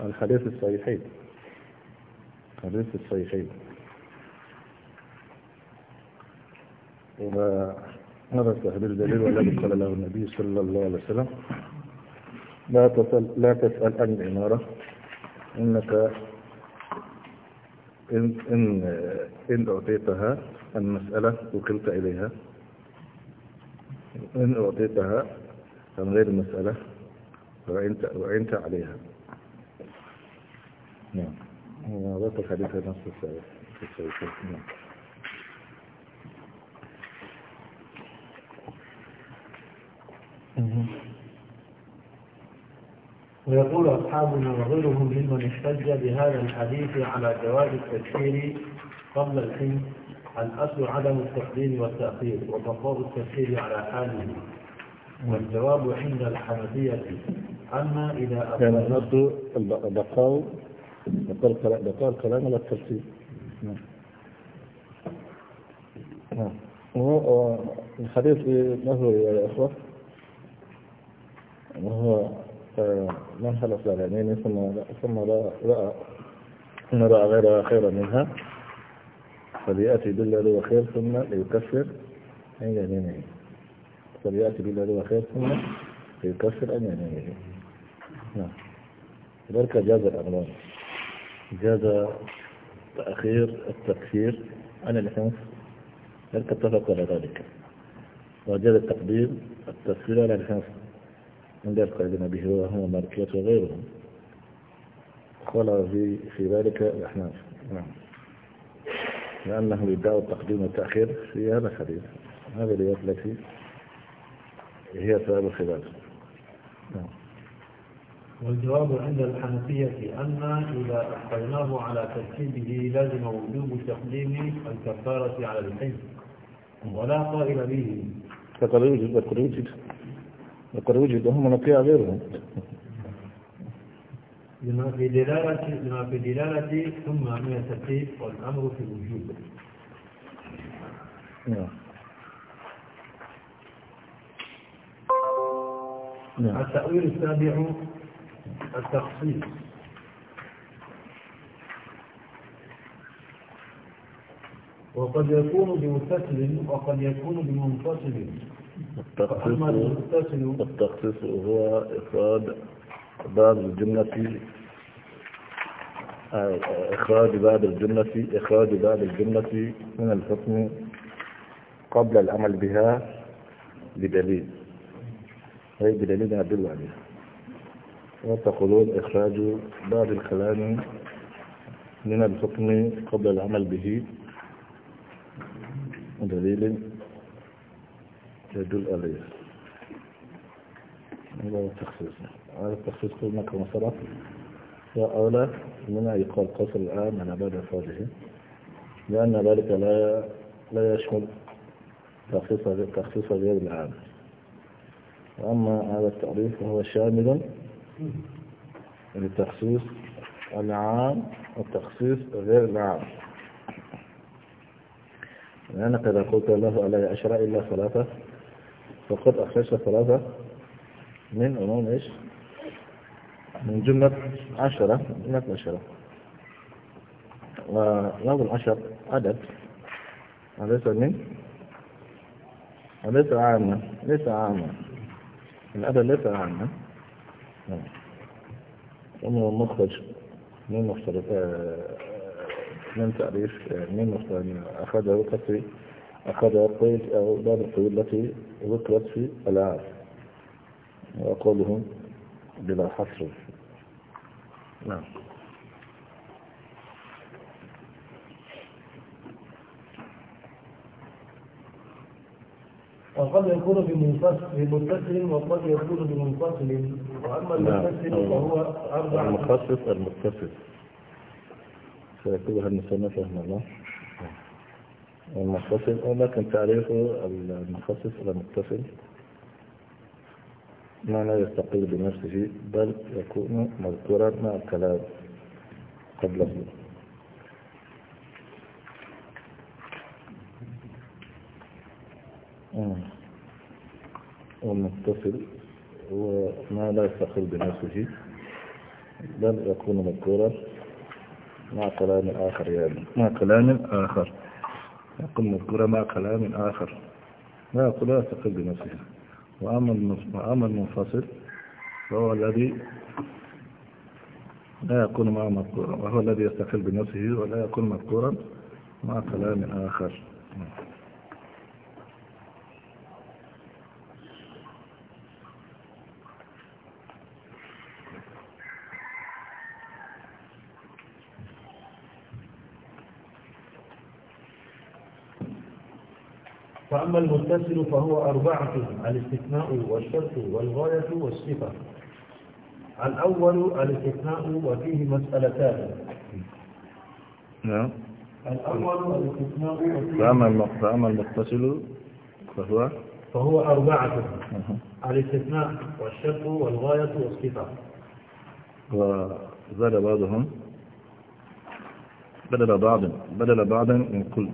Speaker 2: الحديث الصحيحين حديث الصحيحين وهذا التحديد الدليل والذي قال له النبي صلى الله عليه وسلم لا تسأل, لا تسأل عن الإمارة إنك إن, إن, إن أعطيتها المسألة وكلت إليها إن أعطيتها عن غير المسألة وعنت, وعنت عليها نعم هذا الحديث نفس نعم ويقول أصحابنا وغيرهم ممن احتج بهذا الحديث على جواز التكفير قبل الحين الأصل عدم التقديم والتأخير وتفاوض التكفير على حاله والجواب عند الحنفية أما إذا أبقى يعني البقاء ذكر كلام ذكر كلام على التفسير نعم الحديث نهو يا إخوة وهو آه، من حلف على يمينه يعني ثم ثم رأى ثم رأى غيرها خيرا منها فليأتي بالله له خير ثم ليكفر عن يمينه فليأتي بالله له خير ثم ليكفر عن يمينه نعم ذلك جاز الأغلال جاز تأخير التكفير عن الحنف هل اتفق على ذلك وجاز تقديم التكفير على الحنف عند القائلين به وهو مالكية وغيرهم خلع في, في ذلك الأحناف نعم لأنه يدعى التقديم والتأخير في هذا الحديث هذه الروايات التي هي سبب الخلاف نعم والجواب عند الحنفية أن إذا أحصيناه على ترتيبه لازم وجوب تقديم الكفارة على الحج ولا قائل به فقد يوجد فقد يوجد فقد يوجد هم نقيع غيرهم لما في دلالة لما في دلالة ثم من الترتيب والأمر في الوجوب نعم, نعم. التأويل السابع التخصيص وقد يكون بمتصل وقد يكون بمنفصل التخصيص التخصيص هو إخراج بعض الجملة آه، إخراج بعض الجملة إخراج بعض الجملة من الحكم قبل العمل بها بدليل هي بدليل يدل عليه وتقولون إخراج بعض الكلام من الحكم قبل العمل به دليل يدل عليه هذا هو التخصيص هذا التخصيص قلنا كما سبق وأولى ان يقال قصر الآن على بعد إخراجه لأن ذلك لا لا يشمل تخصيص تخصيص غير العام وأما هذا التعريف فهو شامل التخصيص العام والتخصيص غير العام لأنك إذا قلت الله لا عشرة إلا ثلاثة فقد أخرجت ثلاثة من عموم إيش من جملة عشرة جملة عشرة ولفظ العشر عدد وليس من وليس عاما ليس عاما العدد ليس عاما نعم أما المخرج من مختلف آه، آه، من تعريف آه، من مختلف أخذه كثري أخذها الطيل أو باب الطيور التي ذكرت في العاف وأقولهم بلا حصر نعم وقد يكون بمتصل وقد يكون بمنفصل
Speaker 1: وأما نعم. المتصل فهو أربع المخصص
Speaker 2: المتصل سيكون هل نسمى فهم الله المخصص لكن تعريفه المخصص المتصل ما لا يستقل بنفسه بل يكون مذكورا مع الكلام قبله ومتصل أمم. أمم وما لا يستقل بنفسه بل يكون مذكورا مع كلام آخر يعني مع كلام آخر يكون مذكورا مع كلام آخر لا يقول لا يستقل بنفسه وأما المنفصل فهو الذي لا يكون مع مذكورا وهو الذي يستقل بنفسه ولا يكون مذكورا مع كلام آخر وأما المتصل فهو أربعة الاستثناء والشرط والغاية والصفة الأول الاستثناء وفيه مسألتان نعم الأول الاستثناء فأما فأما المتصل فهو فهو أربعة الاستثناء والشرط والغاية والصفة وزاد بعضهم بدل بعض بدل بعض من كل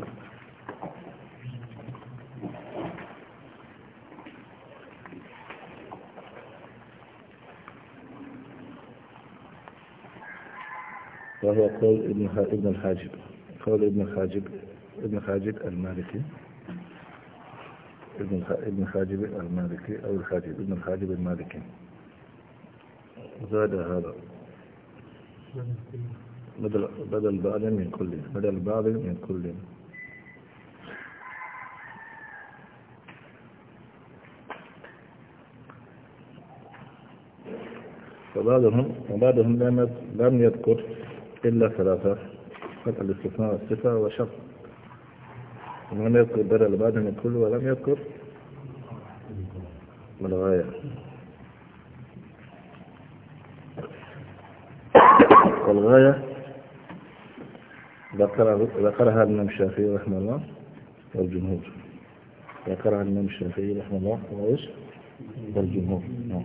Speaker 2: وهو قول ابن ابن الحاجب قول ابن الحاجب ابن الحاجب المالكي ابن ابن الحاجب المالكي أو الحاجب ابن الحاجب المالكي زاد هذا بدل بدل بعض من كل بدل بعض من كل فبعضهم وبعضهم لم يذكر إلا ثلاثة فتح الاستثناء والصفة وشرط لم يذكر بدل بعد من كل ولم يذكر من الغاية والغاية ذكرها الإمام الشافعي رحمه الله والجمهور ذكرها الإمام الشافعي رحمه الله وإيش والجمهور نعم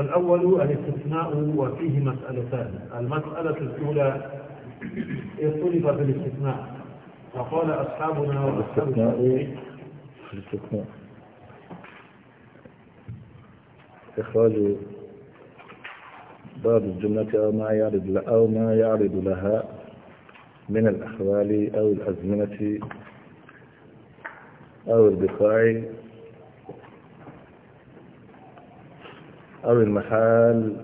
Speaker 2: الأول الاستثناء وفيه مسألتان المسألة الأولى اختلف في الاستثناء وقال أصحابنا الاستثناء الشافعي إيه؟ الاستثناء إخراج بعض الجملة أو ما يعرض أو ما يعرض لها من الأحوال أو الأزمنة أو البقاع أو المحال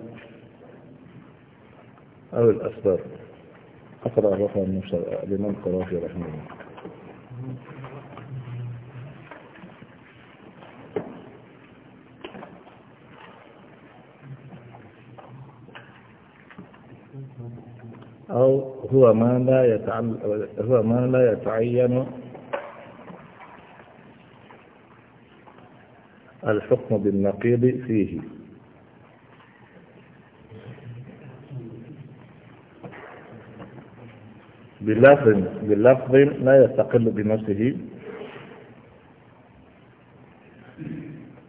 Speaker 2: أو الأسباب أقرأ الرقم لمن في رحمه الله أو هو ما لا يتعل هو ما لا يتعين الحكم بالنقيض فيه بلفظ بلفظ لا يستقل بنفسه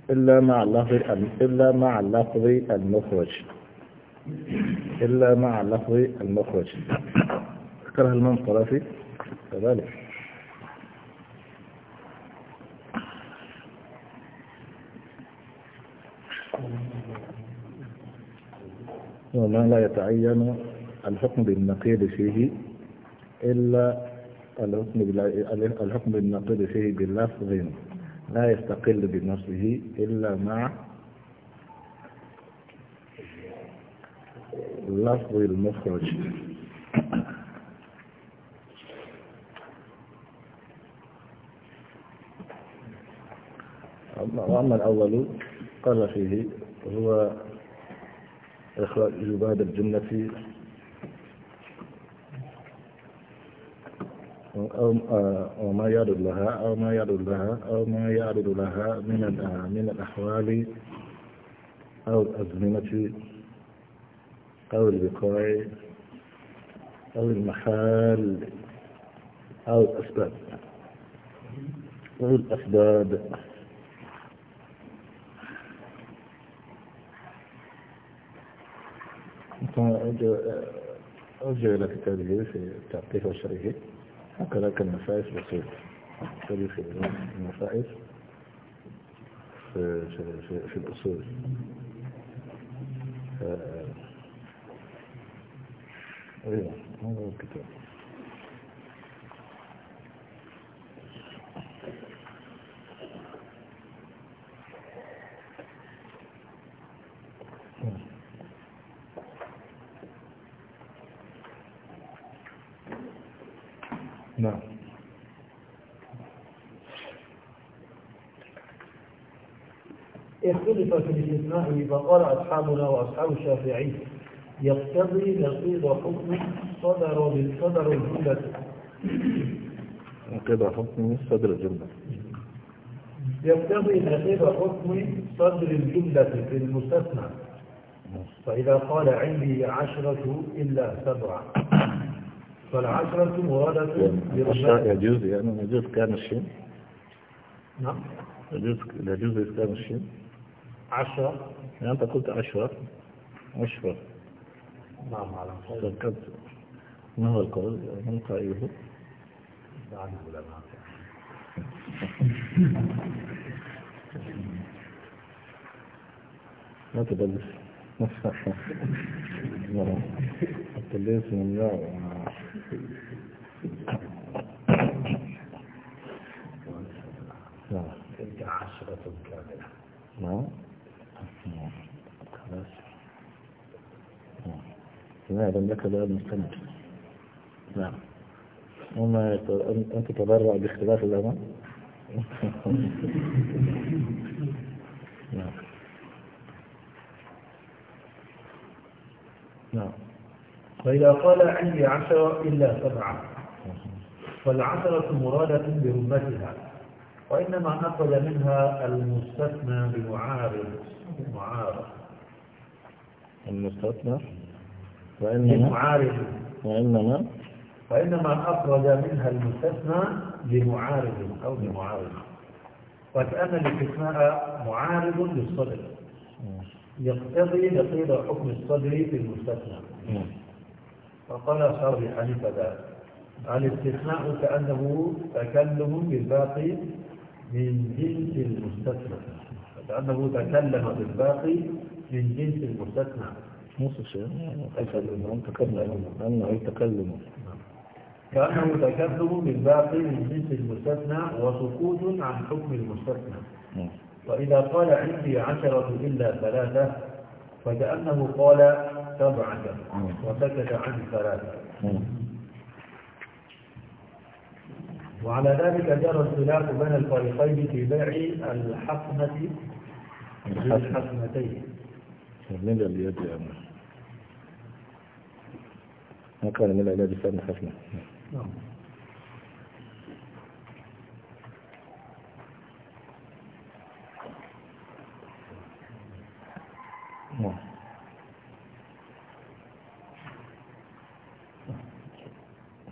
Speaker 2: إلا مع اللفظ إلا مع اللفظ المخرج إلا مع اللفظ المخرج اكره الإمام الطرافي كذلك وما لا يتعين الحكم بالنقيض فيه إلا الحكم الناقض فيه باللفظ لا يستقل بنفسه إلا مع لفظ المخرج وأما الأول قال فيه هو إخراج جباد الجملة أو أو ما يعرض لها أو ما يعرض لها أو ما يعرض لها من من الأحوال أو الأزمنة أو البقاع أو المحال أو الأسباب أو الأسباب أرجع إلى كتابه في التعقيف والشريحة وكذلك النفائس بسيط تجد في النفائس في, في, في الأصول آه. إيه، هذا الكتاب اختلف في الاستثناء فقال أصحابنا وأصحاب الشافعي يقتضي نقيض حكم صدر بالصدر الجملة نقيض حكم صدر الجملة يقتضي نقيض حكم صدر الجملة في المستثنى فإذا قال عندي عشرة إلا سبعة فالعشرة مرادة يعني يجوز يعني يجوز كان الشيء نعم يجوز يجوز كان الشيء عشرة يعني أنت قلت عشرة عشرة نعم على فكرت ما هو القول من قائله بعد تبلش لا تدلس التدلس ممنوع تلك عشرة كاملة نعم لماذا لك باب مستند نعم وما أنت تتبرع باختلاف الأمام نعم نعم فإذا قال عندي عشرة إلا سبعة فالعشرة مرادة برمتها وإنما نقل منها المستثنى بمعارض معارض المستثنى وإنما لمعارض وإنما وإنما أخرج منها المستثنى لمعارض أو لمعارض وكأن الاستثناء معارض للصدر يقتضي نقيض حكم الصدر في المستثنى نعم. وقال صار حنيفة ذلك الاستثناء كأنه تكلم بالباقي من جنس المستثنى كأنه تكلم بالباقي من جنس المستثنى موسى أسأل تكلم تكلموا أنه يتكلم كأنه تكذب بالباقي من جنس المستثنى وسكوت عن حكم المستثنى نعم. وإذا قال عندي عشرة إلا ثلاثة فكأنه قال سبعة نعم. وسكت عن ثلاثة نعم. وعلى ذلك جرى الخلاف بين الفريقين في بيع الحقنة الحقنتين من اليد ما كان من العلاج فإن حسنا نعم.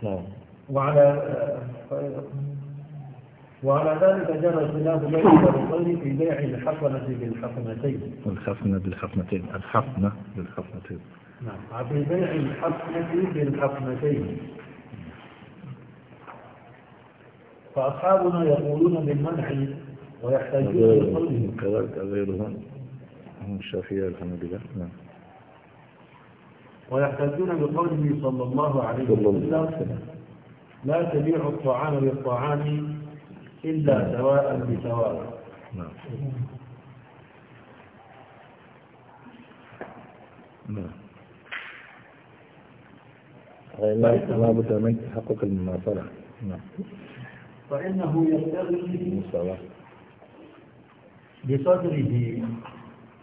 Speaker 2: نعم وعلى وعلى ذلك جرى خلاف بين الطرفين في بيع الحفنة بالحفنتين الحفنة بالحفنتين الحفنة بالحفنتين نعم في بيع الحفنة بالحفنتين فأصحابنا يقولون بالمنح ويحتاجون إلى كذلك غيرهم هم الشافعية لله، نعم ويحتاجون بقوله صلى الله عليه وسلم لا تبيع الطعام بالطعام إلا سواء بسواء نعم نعم طيب، لا بد من تحقق المماثلة نعم فإنه يستغني بصدره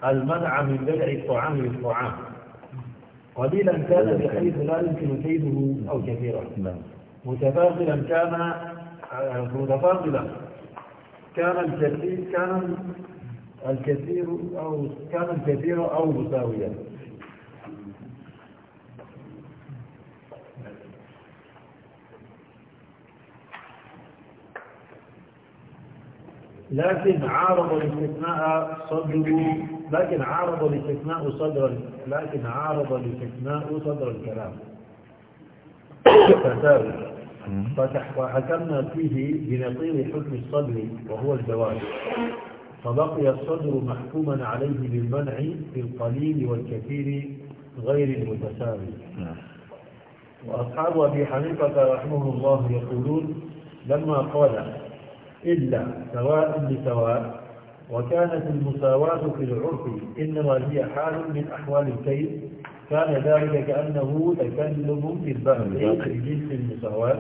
Speaker 2: المنع من بيع الطعام للطعام قليلا كان بحيث لا يمكن كيده أو كثيرا نعم. متفاضلا كان متفاضلة كان الكثير كان الكثير أو كان الكثير أو مساويا لكن عارض الاستثناء صدر لكن عارض الاستثناء صدر لكن عارض الاستثناء صدر الكلام وحكمنا فيه بنطير حكم الصدر وهو الزواج فبقي الصدر محكوما عليه بالمنع في القليل والكثير غير المتساوي نعم. وأصحاب أبي حنيفة رحمه الله يقولون لما قال إلا سواء بسواء وكانت المساواة في العرف إنما هي حال من أحوال الكيد كان ذلك كأنه تكلم في البهل في جنس المساواة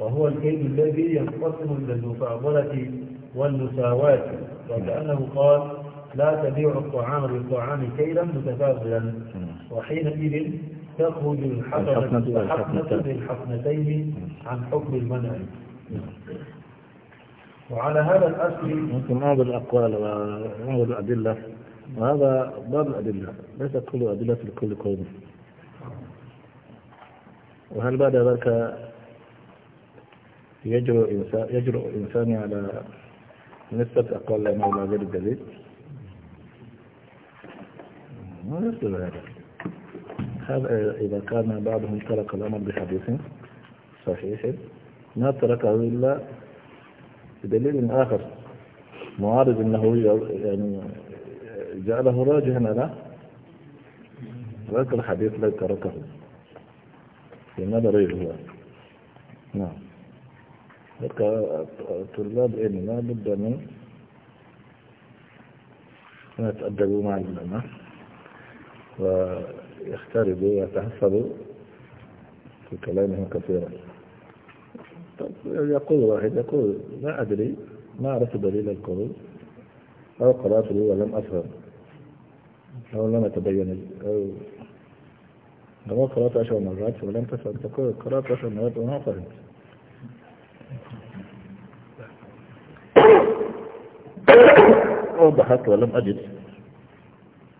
Speaker 2: وهو الكيد الذي ينقسم إلى المفاضلة والمساواة وكأنه قال لا تبيع الطعام بالطعام كيلا متفاضلا وحينئذ تخرج الحسنة بالحسنتين عن حكم المنع نعم. وعلى هذا الأصل ممكن نعرض الأقوال ونعرض الأدلة وهذا باب الأدلة ليس كل أدلة لكل قوم وهل بعد ذلك يجرؤ إنسان يجرؤ على نسبة أقوال أنه لا غير الدليل؟ ما يصدر هذا هذا إذا كان بعضهم ترك الأمر بحديث صحيح ما تركه إلا بدليل آخر معارض أنه يعني جعله راجحا على ذاك الحديث لا تركه لماذا هو نعم لك طلاب علم لا بد من يتأدبوا مع العلماء ويختلفوا ويتحفظوا في كلامهم كثيرا يقول واحد يقول لا أدري ما عرفت دليل القول أو قرأته ولم أفهم أو لم يتبين أو لو قرأت عشر مرات ولم تفهم تقول قرأت عشر مرات وما فهمت وضحت ولم أجد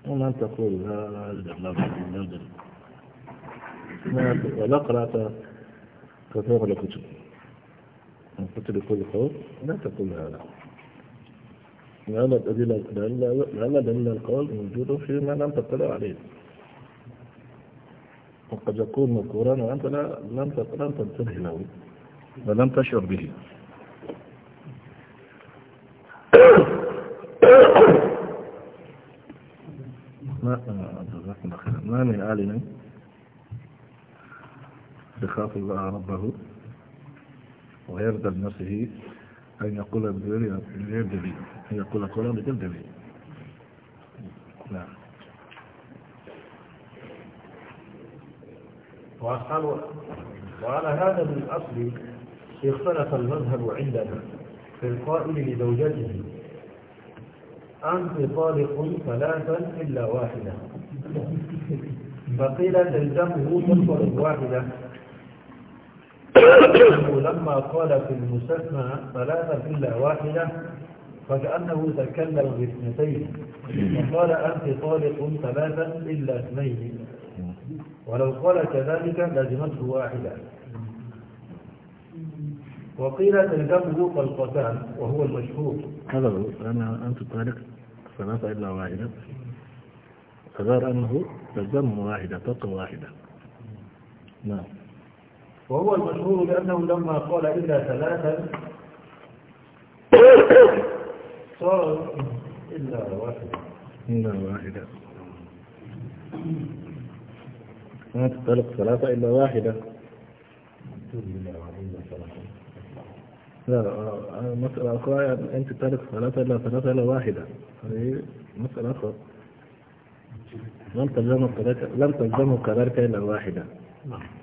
Speaker 2: ومن تقول لا لا لا لا ولا قرأت كثير من الكتب من كتب كل قول لا تقول هذا لأن الأدلة لأن دليل القول موجود في ما لم تطلع عليه وقد يكون مذكورا وأنت لا لم لم تنتبه له ولم تشعر به ما ما من عالم يخاف الله ربه ويرضى بنفسه أن يقول بغير دليل أن يقول قولا بغير دليل نعم وقال وعلى هذا من الأصل اختلف المذهب عندنا في القائل لزوجته أنت طالق ثلاثا إلا واحدة فقيل تلزمه تنفر واحدة لما قال في المسمى ثلاثة إلا واحدة فكأنه تكلم باثنتين فقال أنت طالق ثلاثة إلا اثنين ولو قال كذلك لازمته واحدة وقيل تلزمه طلقتان وهو المشهور هذا هو أنا أنت طالق ثلاثة إلا واحدة فدار أنه تلزمه واحدة طلقة واحدة نعم وهو المشهور لأنه لما قال إلا ثلاثا صار إلا واحدا إلا واحدا ما تطلق ثلاثة إلا واحدة لا مسألة أخرى يعني أنت تطلق ثلاثة إلا ثلاثة إلا واحدة هذه مسألة أخرى لم تلزمه كذلك إلا واحدة نعم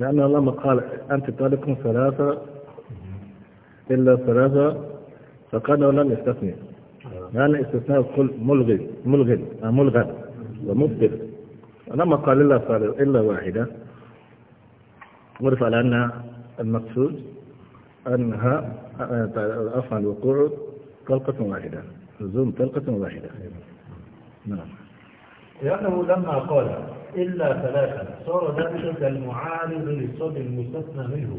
Speaker 2: لأن الله ما قال أنت طالق ثلاثة إلا ثلاثة فقالوا لم يستثني لأن استثناء كل ملغي ملغي آه، ملغى ومبدل لما قال إلا إلا واحدة عرف على أن المقصود أنها أفعى آه، الوقوع طلقة واحدة لزوم طلقة واحدة نعم لأنه لما قال إلا ثلاثة صار ذلك كالمعارض للصد المستثنى منه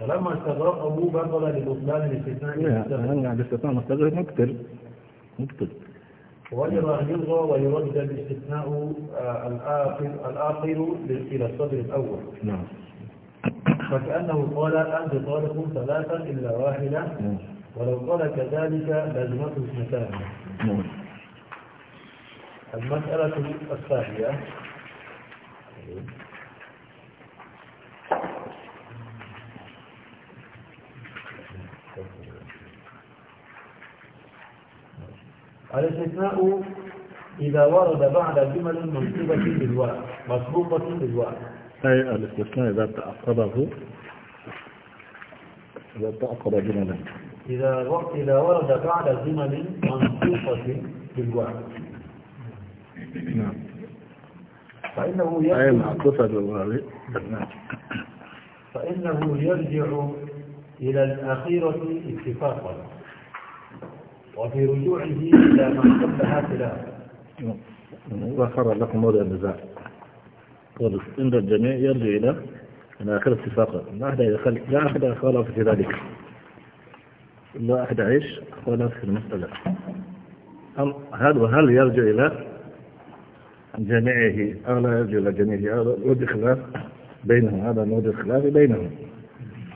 Speaker 2: فلما استغرقه بطل لبطلان الاستثناء لا الاستثناء مستغرق مقتل مقتل وجب أن يلغى ويرد الاستثناء آه، الآخر الآخر إلى الصدر الأول نعم فكأنه قال أنت طالق ثلاثا إلا واحدة نعم. ولو قال كذلك لازمته اثنتان نعم. المسألة الثانية الاستثناء إذا ورد بعد جمل منصوبة بالواء مسبوقة بالواء أي الاستثناء إذا تعقبه إذا تعقب جملا إذا إذا ورد بعد جمل منصوبة بالواء نعم فإنه يرجع فإنه يرجع إلى الأخيرة اتفاقا وفي رجوعه إلى من قبلها خلاف غفر لكم وضع النزاع عند الجميع يرجع إلى إلى آخر اتفاقا ما أحد يخل... لا أحد خالف في ذلك لا أحد عيش خالف في المسألة هل وهل يرجع إلى جميعه أغلى يرجع إلى جميعه أغلى ودي خلاف بينهم هذا مورد الخلاف بينهم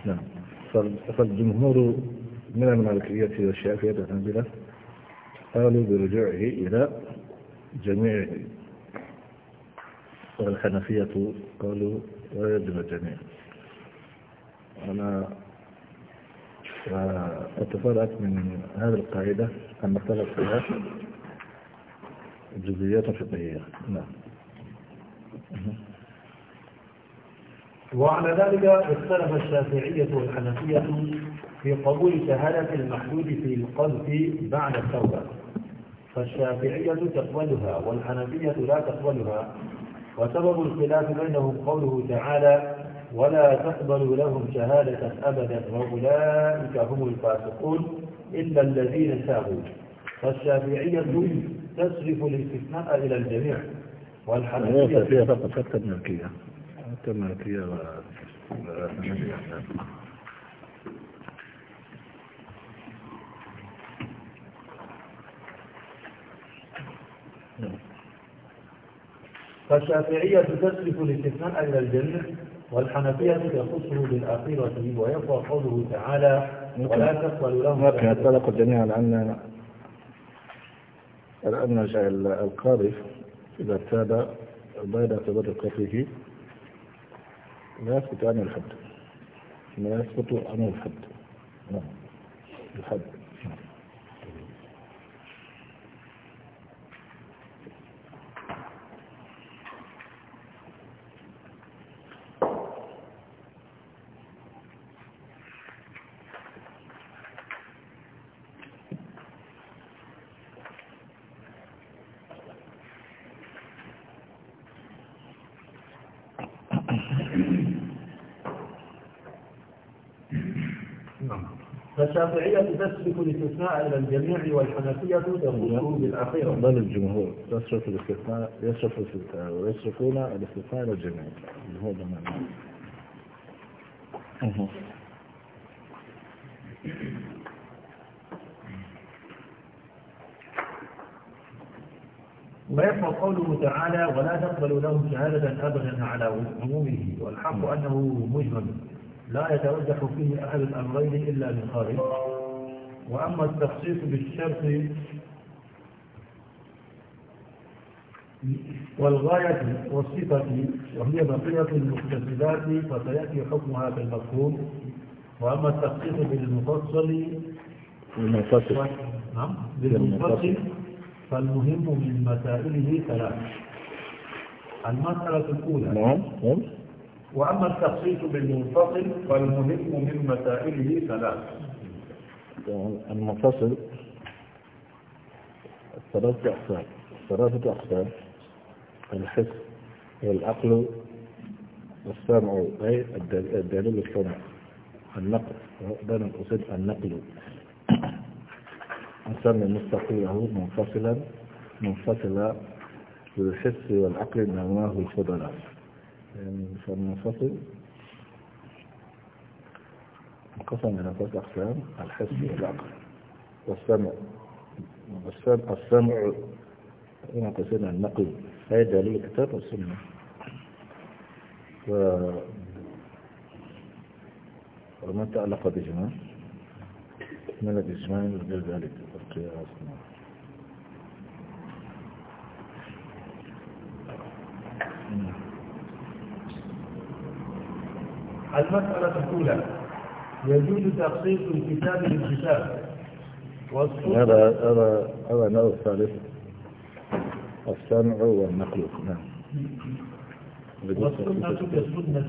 Speaker 2: نعم فالجمهور من المالكية والشافعية والحنبلة قالوا برجوعه إلى جميعه والحنفية قالوا ويجب الجميع أنا آه، أتفرأت من هذه القاعدة أن اختلف فيها جزئيات فقهية نعم وعلى ذلك اختلف الشافعية والحنفية في قبول شهادة المحدود في القذف بعد التوبة فالشافعية تقبلها والحنفية لا تقبلها وسبب الخلاف بينهم قوله تعالى ولا تقبلوا لهم شهادة أبدا وأولئك هم الفاسقون إلا الذين تابوا فالشافعية تصرف الاستثناء إلى الجميع والحنفية فيها فقط حتى المالكية حتى المالكية و فالشافعية تصرف الاستثناء إلى الجميع والحنفية يخصه بالآخرة ويقوى قوله تعالى ولا تقبل لهم ممكن يطلق الجميع لأن الآن القارف إذا ارتاد بعد اعتبار قذفه لا يثبت عنه الحد لا يثبت عنه الحد نعم الحد الشافعية تسلك الاستثناء إلى الجميع والحنفية تقول بالأخير بل الجمهور يصرف الاستثناء يصرف ويصرفون الاستثناء إلى الجميع هذا معنى ويبقى قوله تعالى ولا تقبلوا لهم شهادة أبدا على عمومه والحق أنه مجمل لا يتوجه فيه أحد الأمرين إلا من خارج وأما التخصيص بالشرط والغاية والصفة وهي بقية المكتسبات فسيأتي حكمها في المفهوم وأما التخصيص بالمفصل بالمنفصل نعم بالمنفصل فالمهم من مسائله ثلاث المسألة الأولى نعم وأما التخصيص بالمنفصل فالمهم من مسائله ثلاث المنفصل ثلاثة أقسام ثلاثة أقسام الحس والعقل والسمع أي الدليل السمع النقل بين القوسين النقل نسمي مستقله منفصلا منفصلا للحس والعقل هو الفضلاء يعني فالمنفصل انقسم إلى ثلاث أقسام الحس والعقل والسمع والسمع السمع هنا قسمنا النقل هذا دليل الكتاب والسنة و وما تعلق بهما من الإجماع غير ذلك القياس نعم المسألة الأولى يجوز تخصيص الكتاب للكتاب هذا هذا هذا النوع الثالث السمع والنقل نعم والسنة بالسنة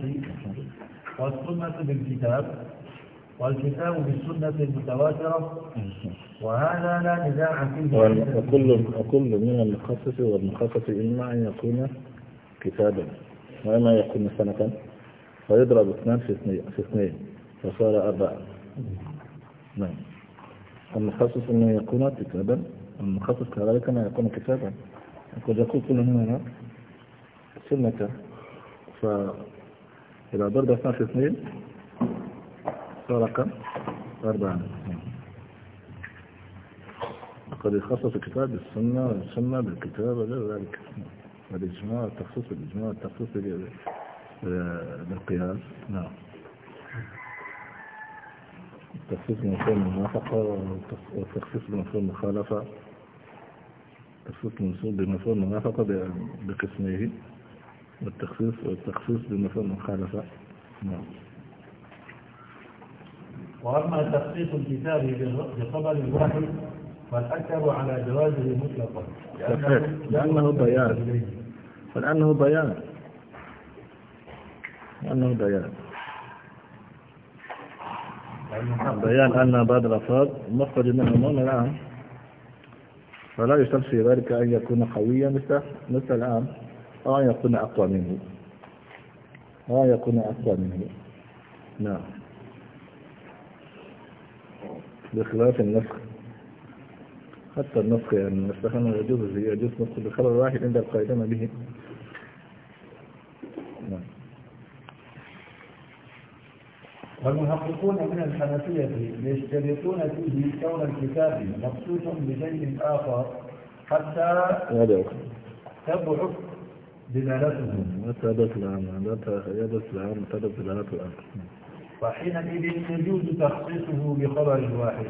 Speaker 2: والسنة بالكتاب والكتاب بالسنة المتواترة وهذا لا نزاع فيه وكل وكل من المخصص والمخصص إما أن يكون كتابا وإما يكون سنة فيضرب اثنان في اثنين في اثنين فصار أربعة نعم المخصص أنه يكون كتابا المخصص كذلك أن يكون كتابا قد يكون كل هنا سنة فإذا ضرب اثنان في اثنين صار كم؟ أربعة قد يخصص الكتاب بالسنة والسنة بالكتاب وغير ذلك الإجماع التخصيص الإجماع التخصيص بالقياس نعم التخصيص بمفهوم الموافقة والتخصيص بمفهوم المخالفة التخصيص بمفهوم الموافقة بقسميه والتخصيص والتخصيص بمفهوم المخالفة نعم وأما تخصيص الكتاب بخبر الواحد فالأكثر على جوازه مطلقا لأنه بيان فلأنه بيان أنه بيان بيان أن بعض الأفراد مخرج من المؤمن الآن فلا يشترط في ذلك أن يكون قويا مثل مثل الآن أو أن يكون أقوى منه أو أن يكون أقوى منه نعم بخلاف النسخ حتى النسخ يعني النسخ يجوز يجوز نسخ بخبر واحد عند القائلين به والمحققون من الحنفية يشترطون فيه كون الكتاب مخصوص بشيء آخر حتى تبعث دلالته هذا العام ثبت العام ثبت دلالة العام. وحينئذ يجوز تخصيصه بخبر واحد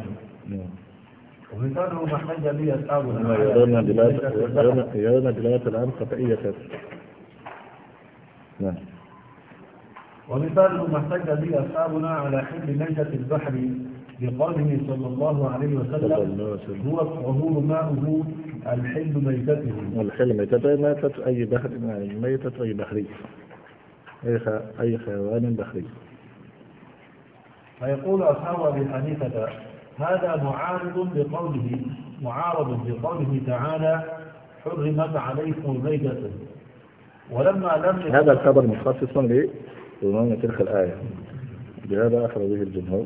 Speaker 2: ومثاله ما حج به أصحاب يرون دلالة العام خطئية نعم ومثال ما احتج به أصحابنا على حل ميتة البحر بقوله صلى الله عليه وسلم هو الطهور ماؤه الحل ميتته الحل ميتته ميتة أي بحر ميتة أي بحري أي أي حيوان بحري فيقول أصحاب أبي حنيفة هذا معارض لقوله معارض لقوله تعالى حرمت عليكم ميتة ولما لم هذا الخبر مخصص ضمان تلك الآية بهذا أخذ به الجمهور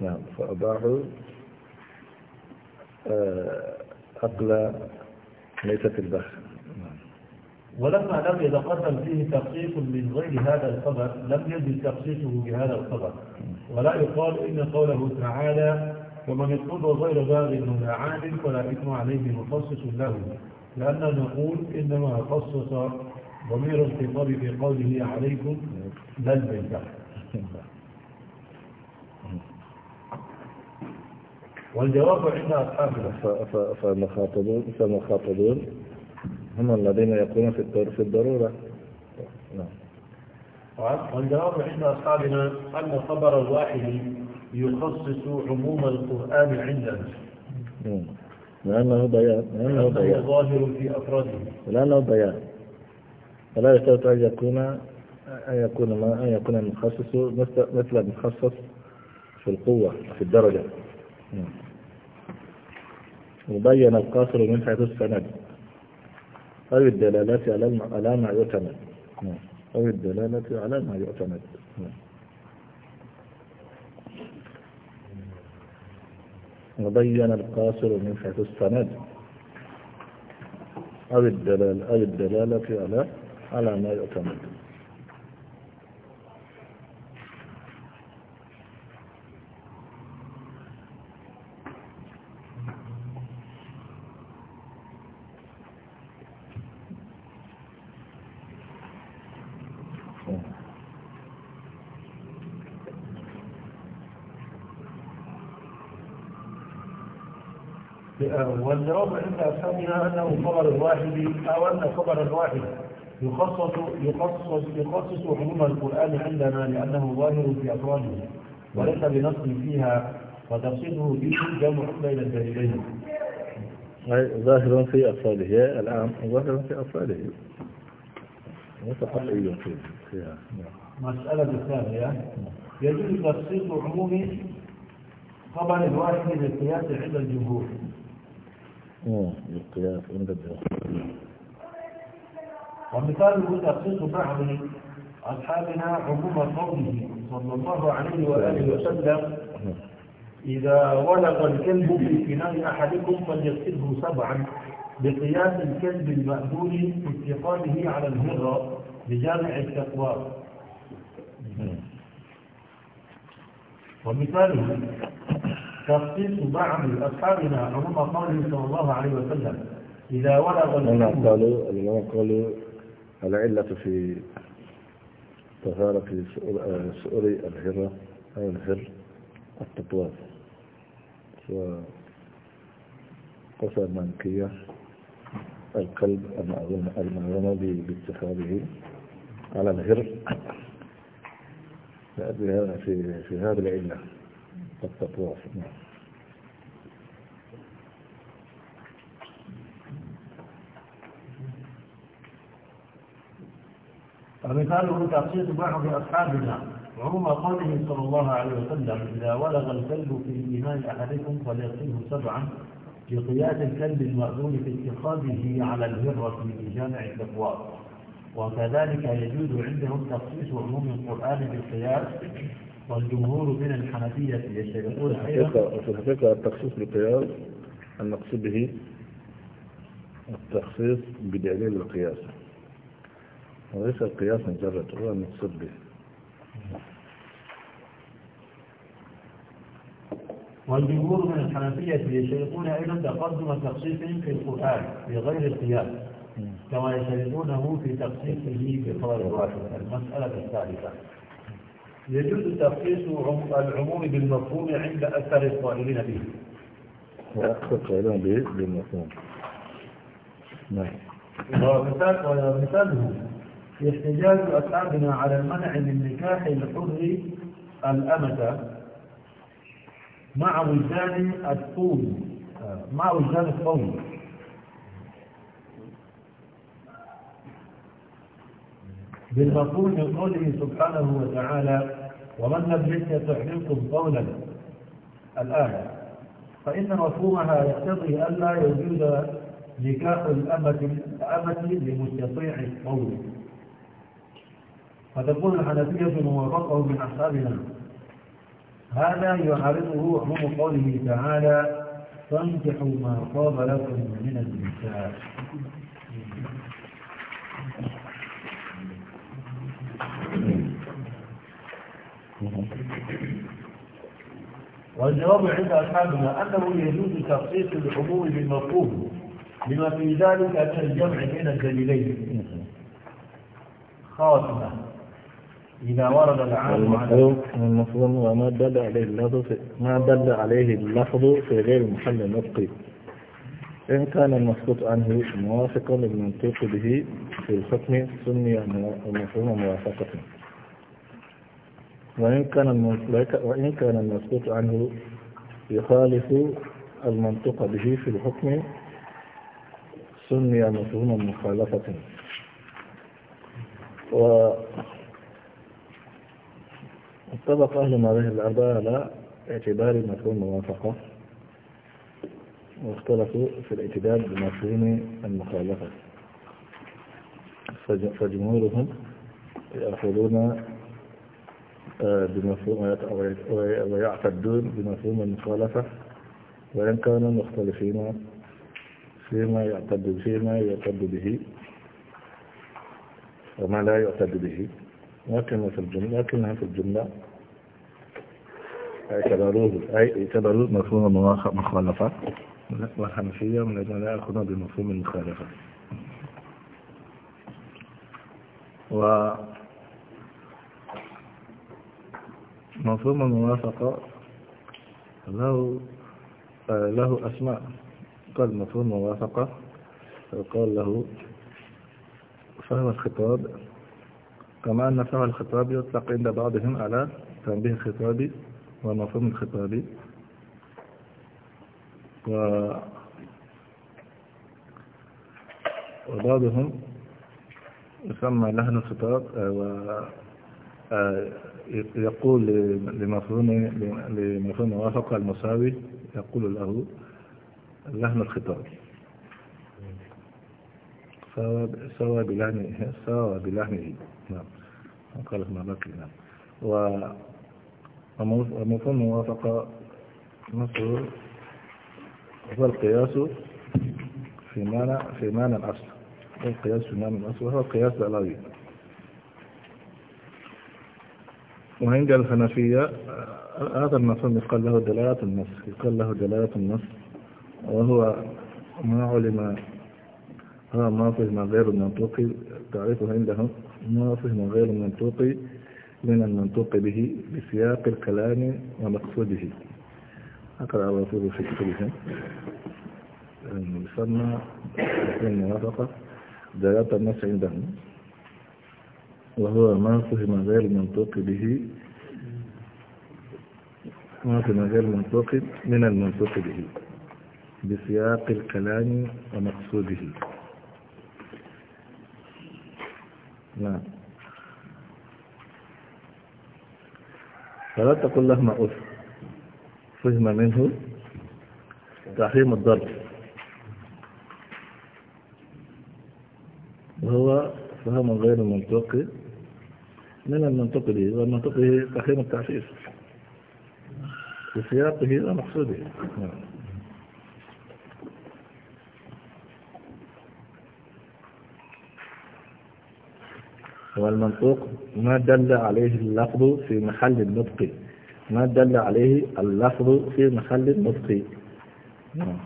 Speaker 2: نعم فأباحوا أقل آه، ميتة البحر نعم. ولما لم يتقدم فيه تخصيص من غير هذا الخبر لم يجد تخصيصه بهذا الخبر ولا يقال إن قوله تعالى ومن يطلب غير باغ ولا عاد فلا إثم عليه مخصص له لأن نقول إنما خصص ضمير الخطاب في قوله عليكم لا البيداء والجواب عند أصحابنا فالمخاطبون فالمخاطبون هم الذين يقومون في الضرورة نعم والجواب عند أصحابنا أن خبر الواحد يخصص عموم القرآن عندنا نعم. لأنه بيان لأنه بيان ظاهر في أفراده لأنه بيان فلا يشترط أن يكون أن يكون ما أن يكون المخصص مثل المخصص في القوة في الدرجة نعم. وبين القاصر من حيث السند أو الدلالة على ما يعتمد أو نعم. الدلالة على ما يعتمد نعم. وبين القاصر من حيث السند أو الدلالة, أو الدلالة على على ما يؤتمن والجواب أن أفهمنا أنه خبر الواحد أو أن خبر الواحد يخصص يخصص يخصص عموم القرآن عندنا لأنه ظاهر في أفراده وليس بنص فيها وتخصيصه به جمع بين الدليلين. ظاهر في أفراده الآن ظاهر في أفراده متحقق فيها مسألة الثانية يجوز تخصيص عموم خبر الواحد للقياس عند الجمهور. للقياس عند الجمهور. ومثاله تخصيص بعض أصحابنا عموم قوله صلى الله عليه وآله وسلم إذا ولق الكلب في فناء أحدكم فليغسله سبعا بقياس الكلب المأذون في اتقاده على الهرة بجامع التقوى ومثاله تخصيص بعض أصحابنا عموم قوله صلى الله عليه وسلم إذا ولغ الكلب قالوا العلة في تفارق سؤري الهرة أو الهر التطواف وقصى منكية القلب المعلومة باتخاذه على الهر في هذه العلة التطواف نعم ومثاله تقسيط بعض أصحابنا وعموم قوله صلى الله عليه وسلم إذا ولغ الكلب في إيمان أحدكم فليصله سبعا بقياس الكلب المأذون في اتخاذه على الهرة في جامع التقوى وكذلك يجوز عندهم تخصيص عموم القرآن بالقياس والجمهور من الحنفية يشتركون في الحقيقة التخصيص بالقياس أن نقصد به التخصيص بدليل القياس وليس القياس مجرد هو المقصود به والجمهور من الحنفية يشركون أيضا تقدم تخصيصهم في القرآن بغير القياس كما يشركونه في تخصيصه بقول الواحد المسألة الثالثة يجوز تخصيص العموم بالمفهوم عند أثر القائلين به وأكثر القائلين به بالمفهوم نعم ومثاله احتجاج أصحابنا على المنع من نكاح الحر الأمة مع وجدان الطول مع وجدان الطول بالمفهوم من قوله سبحانه وتعالى ومن لم يكن تحرمكم قولا الآية فإن مفهومها يقتضي ألا يوجد نكاح الأمة لمستطيع القول فتكون الحنفية موافقه من أصحابنا هذا يعارضه عموم قوله تعالى فانجحوا ما طاب لكم من النساء والجواب عند أصحابنا أنه يجوز تخصيص العموم بالمفهوم لما في ذلك كالجمع الجمع بين الدليلين خاتمة إذا ورد العام على المفهوم وما دل عليه اللفظ ما دل عليه اللفظ في غير محل النطق إن كان المسكوت عنه موافقا للمنطق به في الحكم سمي المفهوم موافقة وإن كان وإن كان المسكوت عنه يخالف المنطق به في الحكم سمي مفهوما مخالفة و اتفق أهل المذاهب الأربعة على اعتبار مفهوم الموافقة واختلفوا في الاعتداد بمفهوم المخالفة فجمهورهم يأخذون آه، بمفهوم ويعتدون بمفهوم المخالفة وإن كانوا مختلفين فيما يعتد فيما يعتد به وما لا يعتد به لكنها في الجملة لكنها في الجملة اعتبروه أي اعتبروه مفهوم المخالفة والحنفية من أجل لا يأخذون بمفهوم المخالفة و مفهوم الموافقة له له أسماء قال مفهوم الموافقة قال له فهم الخطاب كما أن فعل الخطاب يطلق عند بعضهم على تنبيه الخطاب ومفهوم الخطاب و وبعضهم يسمى لحن الخطاب آه، و آه، يقول لمفهوم لمفهوم وافق المساوي يقول له لحن الخطاب سوى بلحمه سوى بلحمه نعم قال ابن بكر نعم ومفهوم موافقة نصر هو القياس في معنى في معنى الأصل القياس في معنى الأصل وهو القياس العلوي وعند الحنفية هذا المفهوم يقال له دلالة النص يقال له دلالة النص وهو ما علم هذا ما فهم غير المنطوقي تعريفه عندهم ما فهم غير المنطوقي من المنطوق به بسياق الكلام ومقصوده أقرأ الرسول في كتبهم يسمى الموافقة دلالة النص عندهم وهو ما فهم غير المنطوق به ما فهم غير المنطوق من المنطوق به بسياق الكلام ومقصوده نعم فلا تقل لهما أف فهم منه تحريم الضرب وهو فهم غير منطقي من المنطقي والمنطقي تحريم التعفيف في سياقه ومقصوده نعم والمنطوق ما دل عليه اللفظ في محل النطق ما دل عليه اللفظ في محل النطق نعم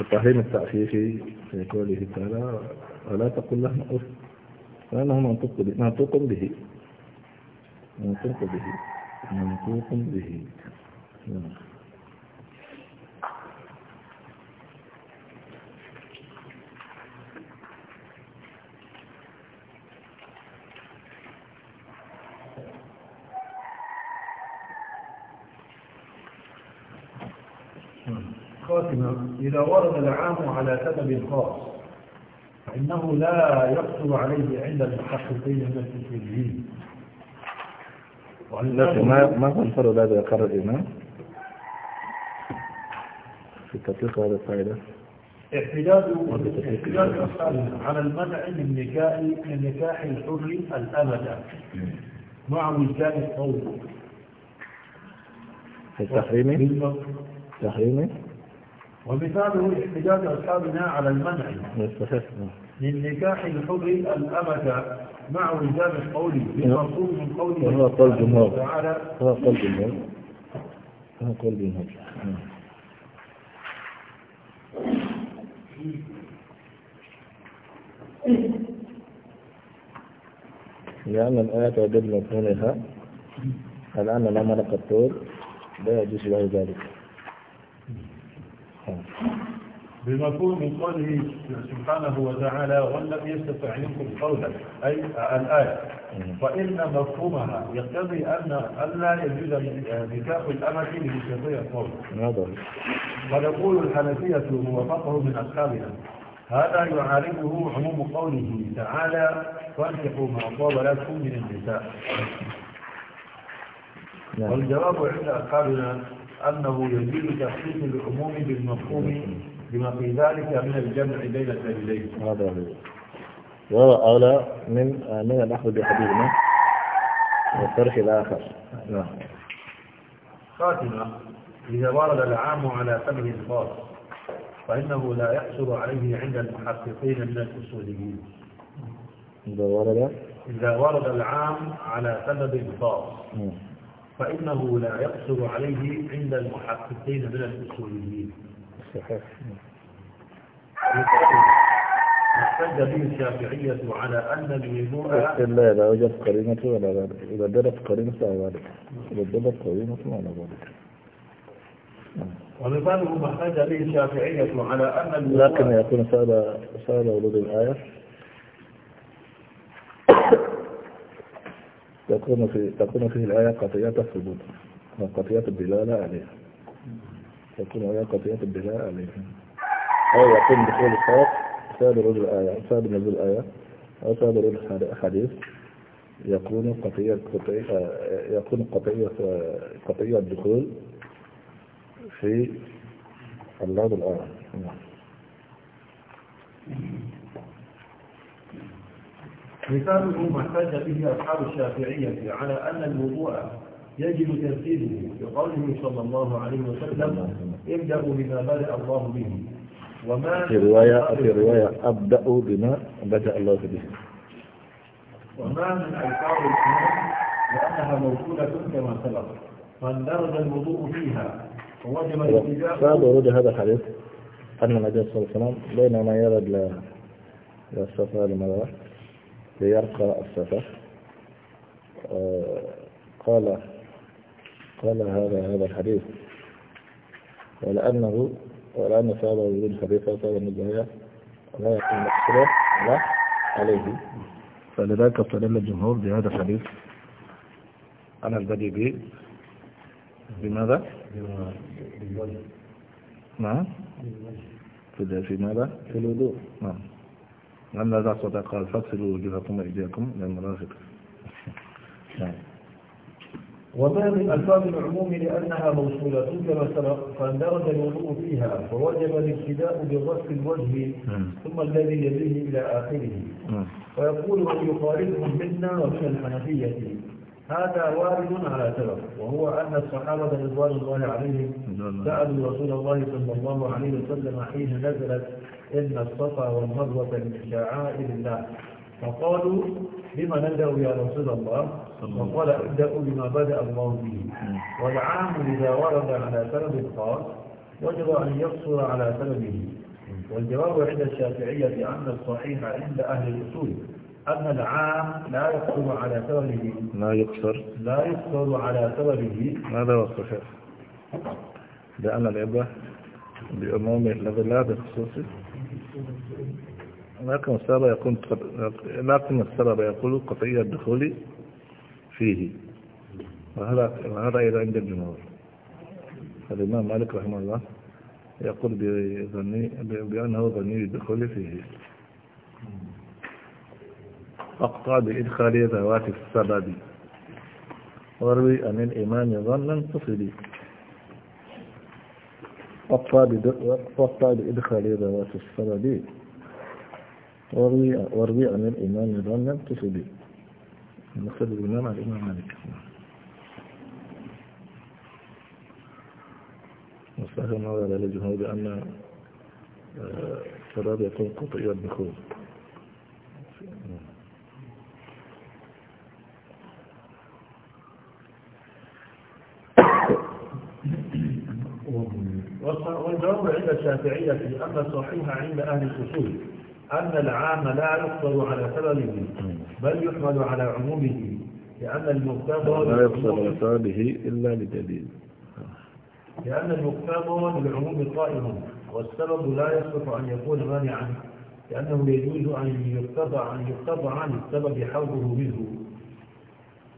Speaker 2: التحريم في قوله تعالى ولا تقل لهم أف لأنه منطوق به منطوق به منطوق به منطوق به نعم
Speaker 1: إذا ورد العام
Speaker 2: على سبب خاص فإنه لا يقصر عليه عند المحققين من التسجيل ما ما هو الفرق بعد إقرار الإمام في تطبيق هذا القاعدة؟ احتجاج على المنع من نكاح من نكاح الحر الأبد مع وجدان في التحريمي؟ تحريمي؟ ومثاله احتجاج أصحابنا على المنع للنكاح إيه، الحر الأمة مع وجاب القول بمفهوم من قوله هو قول جمهور هو قول جمهور هو قول جمهور لأن الآية تعدد مفهومها الآن لما نقطور لا يجوز له ذلك بمفهوم قوله سبحانه وتعالى ولم يستطع منكم قولا أي الآية فإن مفهومها يقتضي أن ألا يجوز نكاح الأمة لمستطيع القول ويقول نعم. الحنفية هو من اصحابها هذا يعارضه عموم قوله تعالى فانكحوا ما طاب لكم من النساء نعم. والجواب عند أصحابنا أنه يزيد تخصيص العموم بالمفهوم بما في ذلك من الجمع بين الدليلين هذا هو وهو أولى من من الأخذ بحديثنا والطرح الآخر نعم خاتمة إذا ورد العام على فمه الخاص فإنه لا يحصل عليه عند المحققين من الأصوليين إذا ورد إذا ورد العام على سبب خاص نعم. فإنه لا يقصر عليه عند المحققين من الأصوليين صحيح احتج به الشافعية على أن الوضوء إلا إذا وجدت قرينة ولا ذلك إذا دلت قرينة على ذلك إذا دلت قرينة على ذلك ومثاله ما احتج به الشافعية على أن الوضوء لكن يكون سأل سأل ولود الآية تكون في تكون فيه الآية قطيعة الثبوت قطعية الدلالة عليها تكون الآية قطيعة الدلالة عليها أو يكون بقول الصوت سبب رجل الآية سبب نزول الآية أو سبب رجل الحديث يكون قطعية قطعية يكون قطعية قطعية الدخول في اللفظ الآية نعم مثاله ما احتج به أصحاب الشافعية على أن الوضوء يجب تنفيذه بقوله صلى الله عليه وسلم ابدأوا بما بدأ الله به وما في رواية في رواية ابداوا بما بدأ الله به وما من ألفاظ الإمام لأنها موصولة كما سبق فاندرج الوضوء فيها ووجب الاتجاه بعد ورود هذا الحديث أن النبي صلى الله عليه وسلم بينما يرد للصفا لماذا ليرقى السفه آه، قال قال هذا هذا الحديث ولأنه ولأن سبب وجود الحديث وسبب النجاية لا يكون مقصورا عليه فلذلك استدل الجمهور بهذا الحديث أنا البدي به بماذا؟ نعم في ماذا؟ في الوضوء نعم لما ذا صدق قال فاغسلوا وجوهكم وإيديكم من المرافق نعم. وما من ألفاظ العموم لأنها موصولة كما سبق فاندرج الوضوء فيها فوجب الابتداء بغسل الوجه نعم. ثم الذي يليه إلى آخره ويقول نعم. أن يخالفهم منا ومن الحنفية هذا وارد على سبب وهو أن الصحابة رضوان الله عليهم سألوا رسول الله صلى الله عليه وسلم حين نزلت إن الصفا والمروة من شعائر الله فقالوا بما نبدأ يا رسول الله فقال ابدأوا بما بدأ الله به والعام إذا ورد على سبب خاص وجب أن يقصر على سببه والجواب عند الشافعية أن الصحيح عند أهل الأصول أن العام لا يقصر على سببه لا يقصر لا يقصر على سببه ماذا هو الصحيح؟ لأن العبرة بأمومه الذي لا بخصوصه لكن السبب يكون لكن السبب يقول قطعية الدخول فيه وهذا إذا عند الجمهور الإمام مالك رحمه الله يقول بظني بأنه ظني الدخول فيه أقطع بإدخال ذوات السبب واروي عن الإمام ظنا تصلي أقطع بإدخال ذوات السبب واروي عن الإمام ظنا تصلي المقصد الإمام على الإمام مالك مستهل نظر على الجمهور بأن السبب آه، يكون قطعي الدخول والجواب عند الشافعية أن الصحيح عند أهل الأصول أن العام لا يقصر على سببه بل يحمل على عمومه لأن المقتضى لا يقصر على سببه إلا لدليل لأن المقتضى للعموم قائم والسبب لا يصلح أن يكون مانعا لأنه يجوز أن يقتضى أن يقتضى عن السبب حوله منه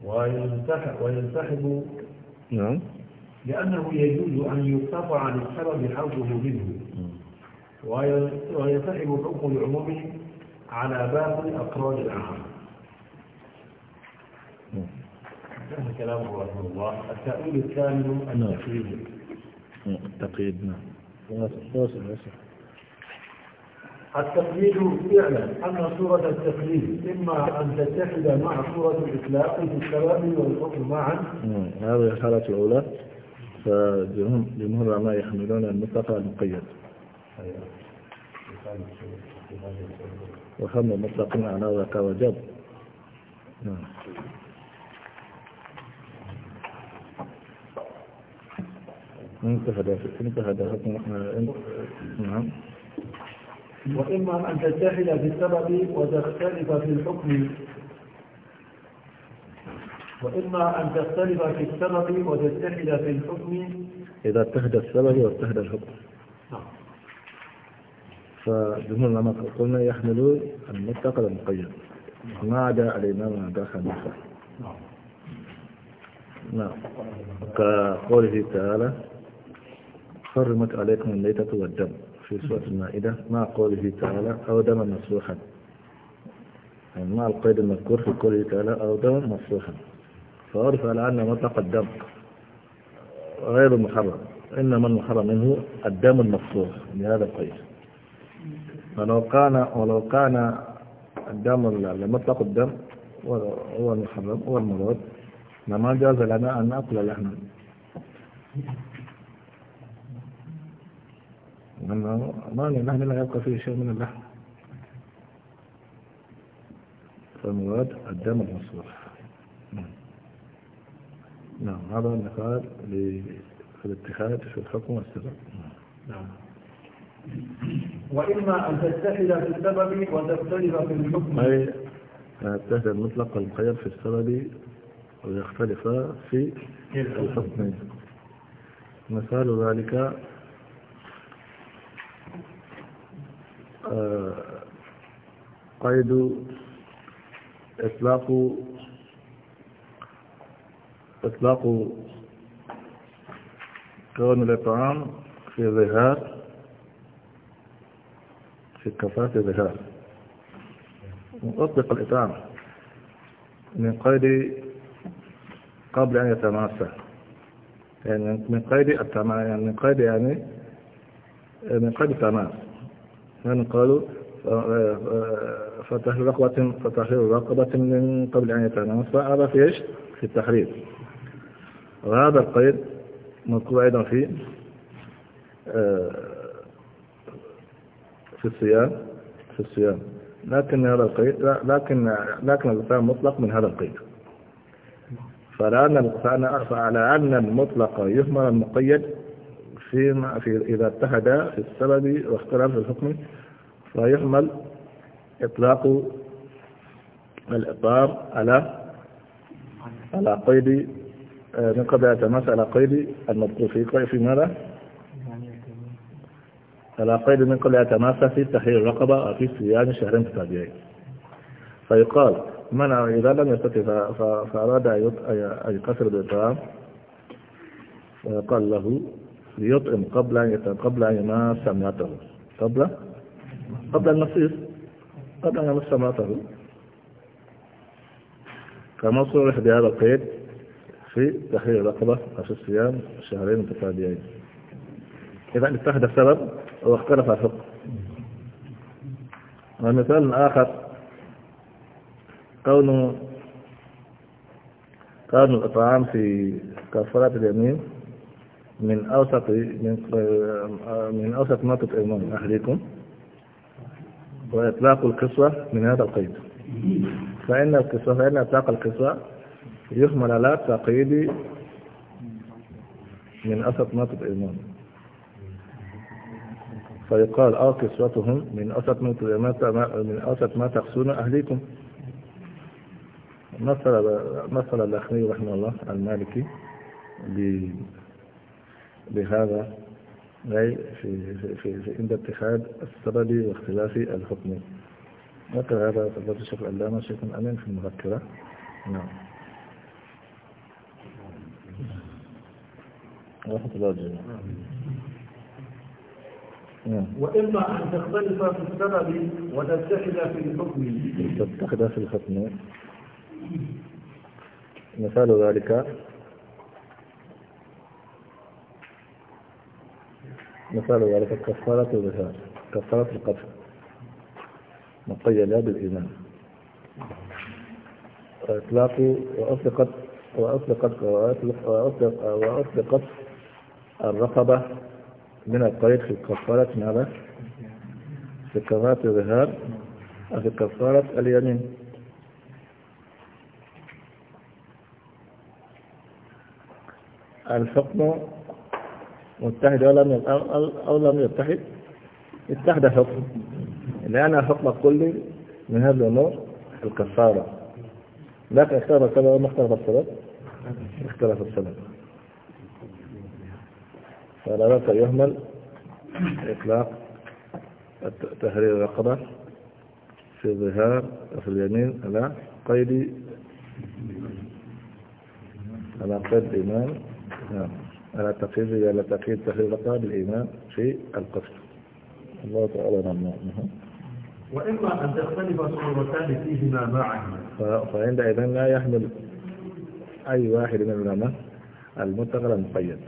Speaker 2: وينسحب وينسحب نعم لأنه يجوز أن يقتطع للسبب حظه منه وينسحب حكم العموم على باب الأفراد العام هذا كلام رحمه الله التأويل الثاني التقييد التقييد نعم التقييد نعم، نعم. فعلا أن صورة التقييد إما أن تتحد مع صورة الإطلاق في السبب والحكم معا نعم، هذه الحالة الأولى فجمهور ما يحملون المصطفى المقيد وهم مطلق على ذاك وجب نعم انتهى انتهى نعم وإما أن تجتهد في السبب وتختلف في الحكم وإما أن تختلف في السبب وتتحد في الحكم إذا اتحد السبب واتحد الحكم نعم فجمهور العلماء قلنا يحمل المتقى المقيد ما عدا الإمام أبا حنيفة نعم. نعم كقوله تعالى حرمت عليكم الليتة والدم في سورة المائدة مع قوله تعالى أو دما مسروحا يعني مع القيد المذكور في قوله تعالى أو دما مسروحا فأعرف على أن مطلق الدم غير المحرم إنما المحرم منه الدم المقصور لهذا القيس ولو كان ولو كان الدم المطلق الدم هو المحرم هو المراد لما جاز لنا أن نأكل لحما لأنه ما اللحم لا يبقى فيه شيء من اللحم فالمراد الدم المصروف نعم هذا المثال للاتحاد في الحكم والسبب نعم
Speaker 1: وإما أن تتحد في السبب وتختلف في الحكم أي
Speaker 2: تتحد المطلق والمخير في السبب ويختلف في إيه. الحكم مثال ذلك آه، قيد إطلاق إطلاق كون الإطعام في ظهار في كفاة ظهار أطلق الإطعام من قيد قبل أن يتماسى يعني من قيد التمام يعني من قيد يعني من قيد التماس يعني قالوا فتحرير رقبة فتحرير رقبة من قبل أن يتماسى هذا في إيش؟ في التحرير وهذا القيد مطلوب أيضا في آه، في الصيام في الصيام لكن هذا القيد لكن لكن الإقفاء مطلق من هذا القيد فلأن فعلى أن المطلق يهمل المقيد في في إذا اتحد في السبب واختلاف في الحكم فيهمل إطلاق الإطار على على قيد آه، من قبل على قيد المذكور في في ماذا؟ على قيد من قبل يتماس في تحرير الرقبة في صيام شهرين تتابعين فيقال من إذا لم يستطع فأراد أن يقصر بالإطعام فيقال له ليطعم قبل أن قبل أن يمس سمعته قبل قبل المصير قبل أن يمس سمعته كما صرح بهذا القيد في تحرير الرقبة عشر صيام شهرين متتابعين إذا اتخذ السبب واختلف الفقه ومثال آخر كونه كون الإطعام في كفارة اليمين من أوسط من من أوسط ما تطعمون أهليكم وإطلاق القسوة من هذا القيد فإن القسوة فإن إطلاق القسوة يحمل على تقييد من أسد نقد الإيمان فيقال أو آه، كسوتهم من أسد من أسد ما تقسون أهليكم مثل مثل الأخني رحمه الله المالكي بهذا أي في في في عند اتخاذ السبب واختلاف الحكم ذكر هذا فضيلة الشيخ العلامة شيخ الأمين في المذكرة نعم رحمة الله نعم. وإما أن تختلف
Speaker 1: في السبب وتتحد في الحكم تتحد
Speaker 2: في الحكم مثال ذلك مثال ذلك كفارة الظهار كفارة القتل مقيدة بالإيمان وإطلاق وأطلقت وأطلقت وأطلقت وأطلقت الرقبة من الطريق في كفارة ماذا؟ في كفارة الظهار في كفارة اليمين الحكم متحد أو لم أو لم يتحد اتحد حكم لأن حكم كل من هذه الأمور الكفارة لكن اختلف السبب ما اختلف السبب اختلف السبب فلا متى يهمل إطلاق تحرير الرقبة في الظهار وفي اليمين على قيد على قيد الإيمان نعم. على تقييد على تقييد تحرير الرقبة بالإيمان في القفل الله تعالى نعم وإما أن تختلف صورتان فيهما معا فعندئذ لا يحمل أي واحد من العلماء المطلق المقيد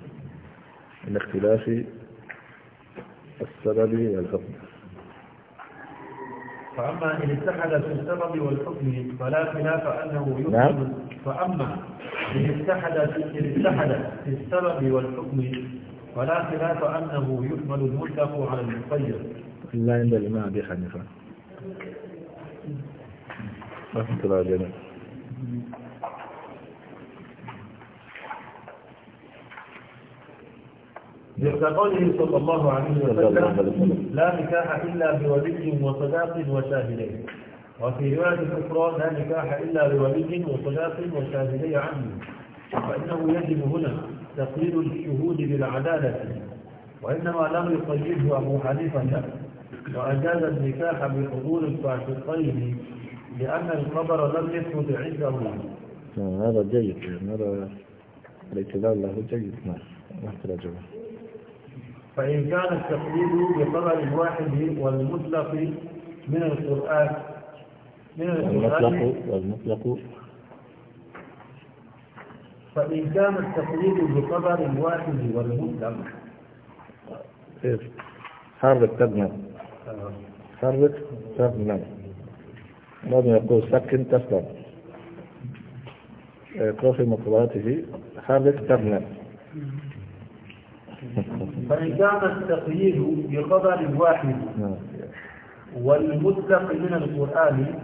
Speaker 2: من اختلاف السبب والحكم فأما إن اتحد في السبب والحكم فلا خلاف أنه يحكم نعم. فأما إن اتحد إن اتحد في السبب والحكم فلا خلاف أنه يحمل المطلق على المقيد لا عند الإمام أبي حنيفة رحمة الله جميعا لقوله صلى الله عليه وسلم لا نكاح إلا بولي وصداق وشاهدين وفي رواية أخرى لا نكاح إلا بولي وصداق وشاهدي عنه فإنه يجب هنا تقييد الشهود بالعدالة وإنما لم يقيده أبو حنيفة وأجاز النكاح بحضور الفاسقين لأن الخبر لم يثبت عنده هذا جيد هذا الاعتذار له جيد نعم محترجه فإن كان التقليد بخبر واحد والمطلق من القرآن من القرآن والمطلق فإن كان التقليد بخبر واحد والمطلق كيف؟ حرك تبنى حرك تبنى لم يقول سكن تسلم قوفي إيه، مقراته حرك تبنى فإن كان التقييد بخبر واحد والمطلق من القرآن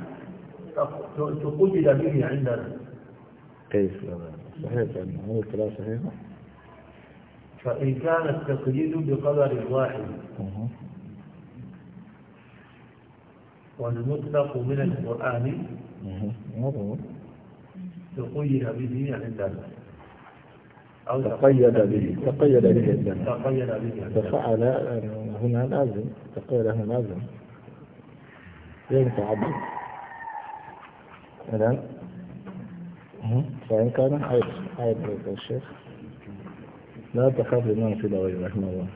Speaker 2: تقيد به عندنا كيف صحيح هذا الكلام صحيح فإن كان التقييد بقدر واحد والمطلق من القرآن تقيد به عندنا تقيد به تقيد به الذنب ففعل هنا لازم تقيد هنا لازم ينفع تعبد إذن فإن كان عيب عيب الشيخ لا تخاف لمن في دوري رحمه الله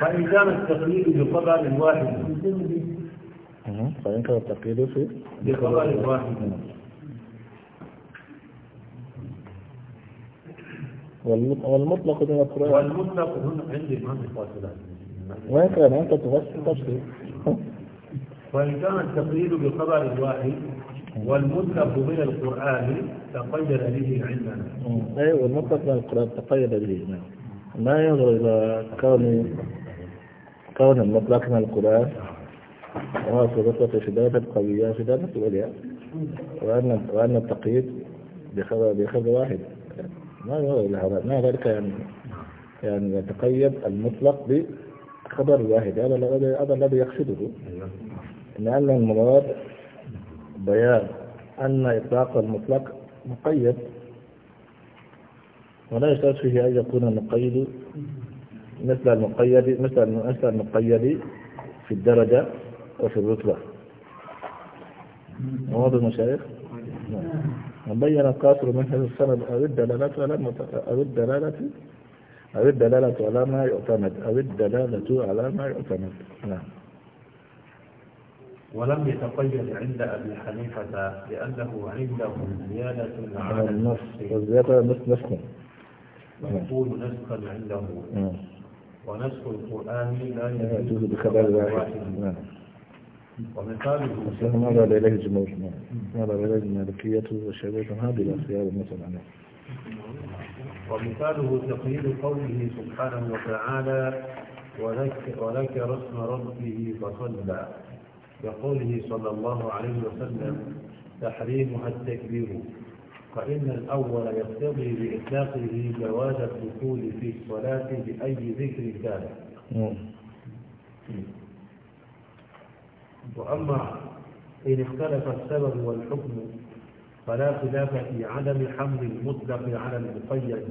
Speaker 2: فإن كان التقليد بقدر واحد فينكر التقييد في بخبر واحد والمطلق هنا القرآن والمطلق هنا عند الإمام الفاصلات وإن كان أنت تفسر تفسير وإن كان التقييد بخبر واحد والمطلق من القرآن تقيد به عندنا أيوة المطلق من القرآن تقيد به نعم ما ينظر إلى كون كون المطلق من القرآن في شدادة قوية شدادة الولياء وأن وأن التقييد بخبر بخبر واحد ما ما ذلك يعني يعني يتقيد المطلق بخبر واحد هذا هذا الذي يقصده لأن المراد بيان أن إطلاق المطلق مقيد ولا يشترط فيه أن يكون المقيد مثل المقيد مثل مثل المقيد في الدرجة وفي الرتبة واضح المشايخ؟ من نعم. بين القاصر من هذا السند أو الدلالة على أو الدلالة أو الدلالة على ما يعتمد أو الدلالة على ما يعتمد نعم ولم يتقيد عند أبي حنيفة لأنه عندهم زيادة على نعم، النص والزيادة النص نسخ ويكون نسخا عنده نعم. ونسخ القرآن لا يجوز بخبر واحد ومثاله ماذا إليه الجمهور ماذا هذه الأخيار ومثاله تقييد قوله سبحانه وتعالى وذكر اسم ربه فصلى كقوله صلى الله عليه وسلم تحريمها التكبير فإن الأول يقتضي بإطلاقه جواز الدخول في الصلاة بأي ذكر كان. نعم. وأما إن اختلف السبب والحكم فلا خلاف في عدم حمل المطلق على المقيد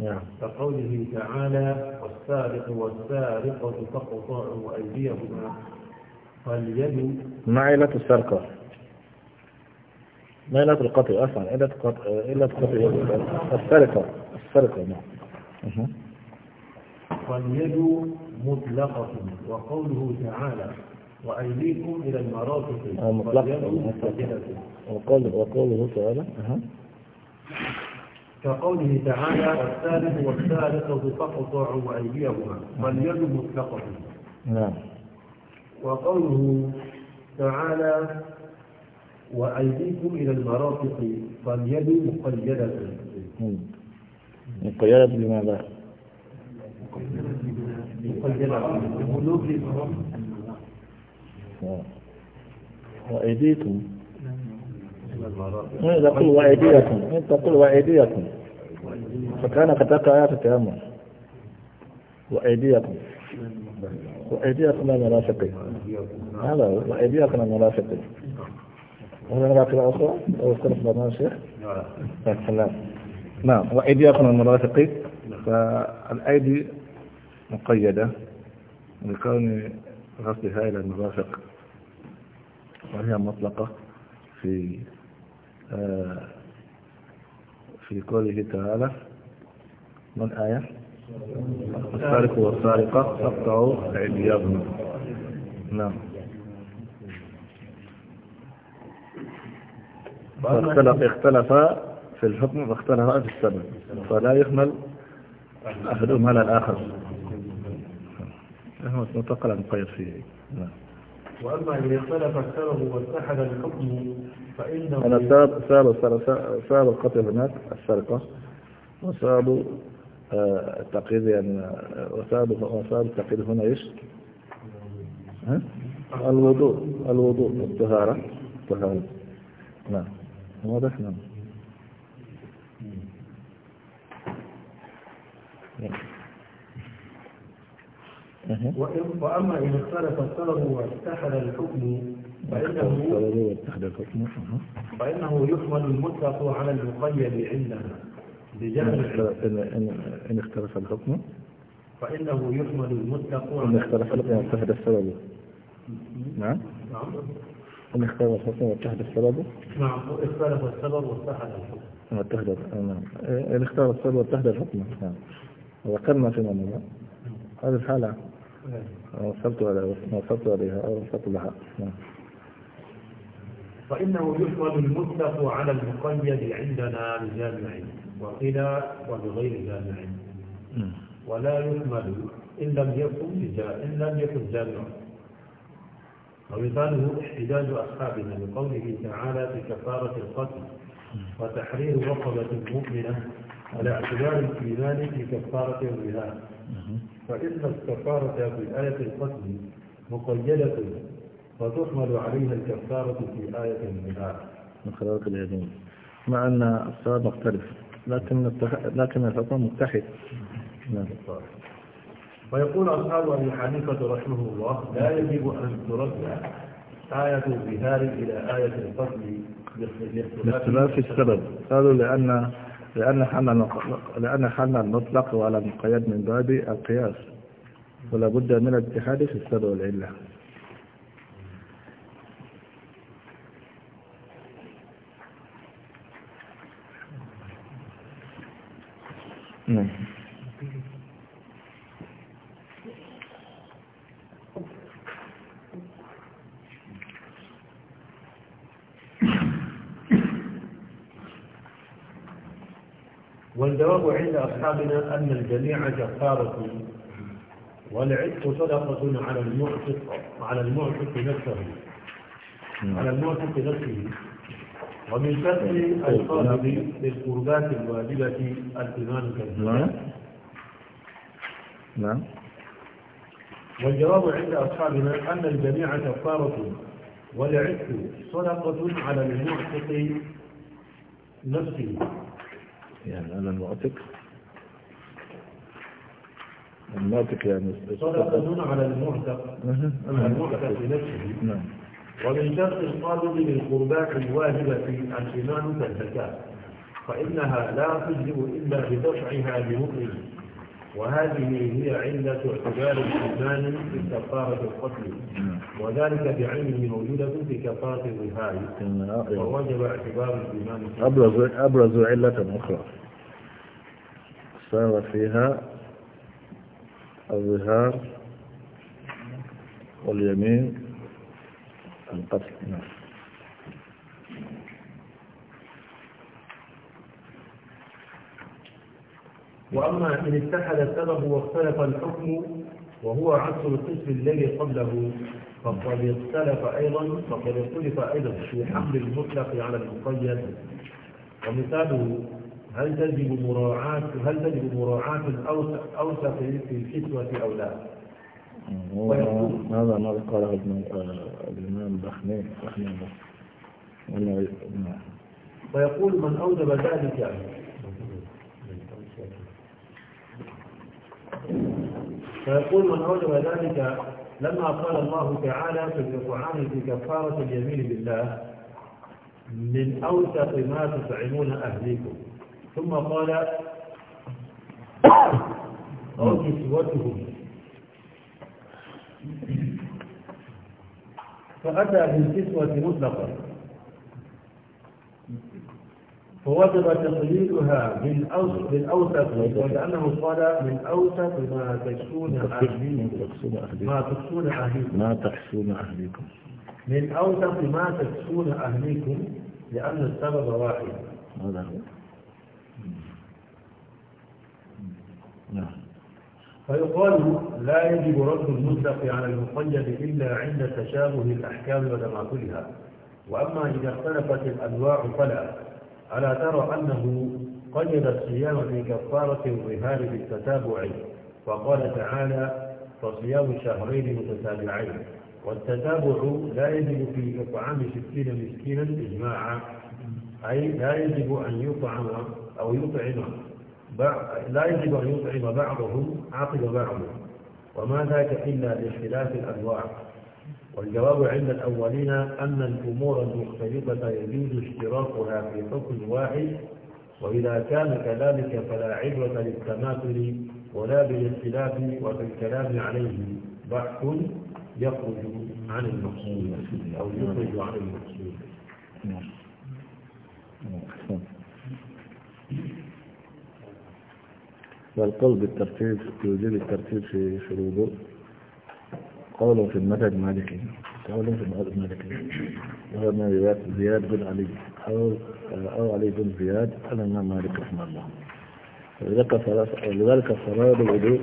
Speaker 2: نعم كقوله تعالى والسارق والسارقة فقطعوا أيديهما فاليد ما علة السرقة ما علة القتل أصلا علة قطع علة السرقة السرقة نعم فاليد مطلقة وقوله تعالى وأيديكم إلى المرافق وقال وقوله تعالى أه. كقوله تعالى والثالث والثالثة تقطع أيديهما واليد مطلقة نعم وقوله تعالى وأيديكم إلى المرافق فاليد مقيدة نعم. مقيدة بماذا؟ مقيدة بملوك الحرم وأيديكم من نعم. تقول وأيديكم من تقول وأيديكم فكان كتبت آيات التيمم وأيديكم وأيديكم المنافقين هذا وأيديكم المنافقين وهذا نراقب أخرى أو اختلف بعضنا الشيخ نعم نعم وأيديكم المنافقين فالأيدي مقيدة لكون غسلها إلى المرافق وهي مطلقة في آه، في قوله تعالى ما الآية
Speaker 3: السارق والسارقة فاقطعوا
Speaker 2: عديابهم نعم فاختلف اختلف في الحكم واختلف في السبب فلا يحمل أحدهم على الآخر نحن نتقل عن قيد فيه نعم وأما إذا اختلف السبب واتحد الحكم فإنه أنا ساب ساب ساب القتل هناك السرقة وساب آه، التقييد يعني وساب آه، وساب التقييد هنا إيش؟ الوضوء الوضوء الطهارة الطهارة نعم واضح نعم you. نعم. وأما إن اختلف السبب واتحد الحكم فإنه واتحد الحكم فإنه يحمل المطلق على المقيد عندها إن اختلف الحكم فإنه يحمل المطلق إن اختلف الحكم واتحد السبب نعم. نعم إن اختلف الحكم واتحد السبب نعم اختلف السبب واتحد الحكم واتحد نعم إن اختلف السبب واتحد الحكم نعم وذكرنا فيما نعم. مضى هذه الحالة وصلت عليها وصلت عليها أو وصلت لها نعم. فإنه يفرد المطلق على المقيد عندنا بجامع وقيل وبغير جامع نعم. ولا يكمل إن لم يكن إن لم يكن جامع ومثاله احتجاج أصحابنا لقوله تعالى في كفارة القتل نعم. وتحرير رقبة مؤمنة على اعتبار الإيمان في كفارة الرهان فإن الكفارة في آية القتل مقيدة فتحمل عليها الكفارة في آية النهار من خلال اليدين مع أن الصواب مختلف لكن التح... لكن الحكم متحد نعم ويقول أصحاب أبي حنيفة رحمه الله لا يجب أن ترجع آية الظهار إلى آية القتل باختلاف السبب قالوا لأن لأن حنا لأن المطلق وعلى المقيد من باب القياس ولا بد من الاتحاد في السبب والعلة نعم والجواب عند أصحابنا أن الجميع كفارة والعتق صدقة على المعتق على المعتق نفسه نعم. على المعتق نفسه ومن شأن القاضي نعم. للقربات الواجبة الإيمان كالإيمان نعم. نعم والجواب عند أصحابنا أن الجميع كفارة والعتق صدقة على المعتق نفسه يعني أنا المعتق المعتق يعني على المعتق المعتق لنفسه نعم ومن شرط الصادق للقربات الواجبة الإيمان كالزكاة فإنها لا تجزئ إلا بدفعها بمؤمن وهذه هي علة اعتبار الإيمان بكفارة القتل وذلك بعلمه موجودة في كفارة الرهاي ووجب اعتبار الإيمان أبرز أبرز علة أخرى سار فيها الظهار واليمين القتل نعم وأما إن اتحد السبب واختلف الحكم وهو عكس القسم الذي قبله فقد اختلف أيضا فقد اختلف أيضا في حمل المطلق على المقيد ومثاله هل تجب مراعاة هل تجب مراعاة الأوسط في الكسوة أو لا؟ هذا ما قاله الإمام بخني رحمه الله ويقول من أوجب ذلك فيقول من أوجب ذلك لما قال الله تعالى في القرآن في كفارة اليمين بالله من أوثق ما تطعمون أهليكم ثم قال أو كسوتهم فأتى بالكسوة مطلقا فوجب تقليدها من أوسط من ولأنه قال من أوسط ما تكسون أهليكم ما تكسون أهليكم ما تكسون أهليكم من أوسط ما تكسون أهليكم لأن السبب واحد هذا هو نعم فيقال لا يجب رد المطلق على المقيد إلا عند تشابه الأحكام وتماثلها وأما إذا اختلفت الأنواع فلا ألا ترى أنه قيد الصيام في كفارة الظهار بالتتابع وقال تعالى فصيام شهرين متتابعين والتتابع لا يجب في إطعام ستين مسكينا إجماعا أي لا يجب أن يطعم أو يطعم لا يجب أن يطعم بعضهم عقب بعضه وما ذاك إلا لاختلاف الأنواع والجواب عند الأولين أن الأمور المختلفة يجوز اشتراكها في حكم واحد وإذا كان كذلك فلا عبرة للتماثل ولا بالاختلاف وفي الكلام عليه بحث يخرج عن المقصود أو يخرج عن المقصود والقلب الترتيب توجيه الترتيب في الوضوء قول في المدد مالكي قول في المدد مالكي وهو من رواية زياد بن علي أو أو علي بن زياد على الإمام مالك رحمه الله ولذلك صلاة الوضوء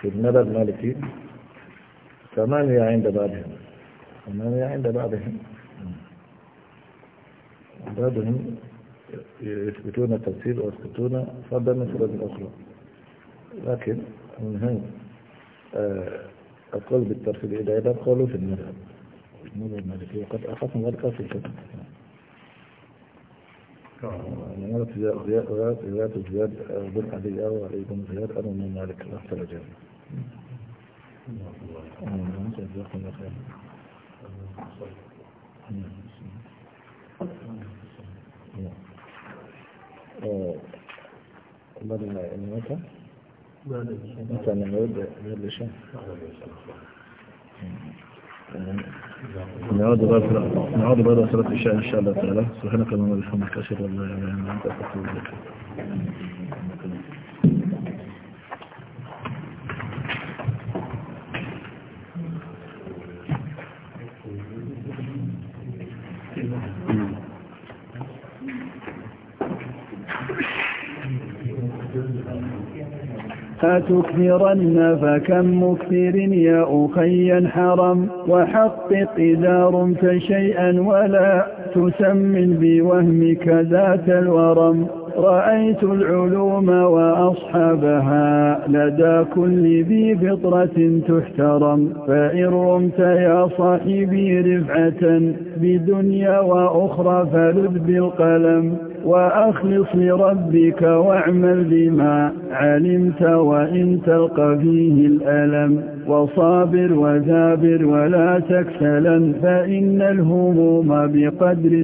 Speaker 2: في المذهب المالكي ثمانية عند بعضهم ثمانية عند بعضهم بعضهم يثبتون التفسير ويثبتون فضلا من فرد أخرى لكن المهم آه القول بالترتيب إذا إذا قالوا في المذهب المذهب المالكي وقد أخذنا ذلك في الفقه مرة زياد زياد زياد بن علي أو علي بن زياد أنا من مالك رحمة الله جل جزاكم الله خير الله لا نعم. نعم. نعم. آه، الله إلا متى لما يود يرد نعود بعد نعود بعد صلاة العشاء إن شاء الله تعالى سبحانك اللهم وبحمدك أشهد أن لا إله إلا أنت أستغفرك
Speaker 1: فتكثرن فكم مكثر يا أخي حرم وحقق إذا رمت شيئا ولا تسمن بوهمك ذات الورم رأيت العلوم وأصحابها لدى كل ذي فطرة تحترم فإن رمت يا صاحبي رفعة بدنيا وأخرى فلذ بالقلم وأخلص لربك واعمل بما علمت وإن تلقى فيه الألم وصابر وذابر ولا تكسلا فإن الهموم بقدر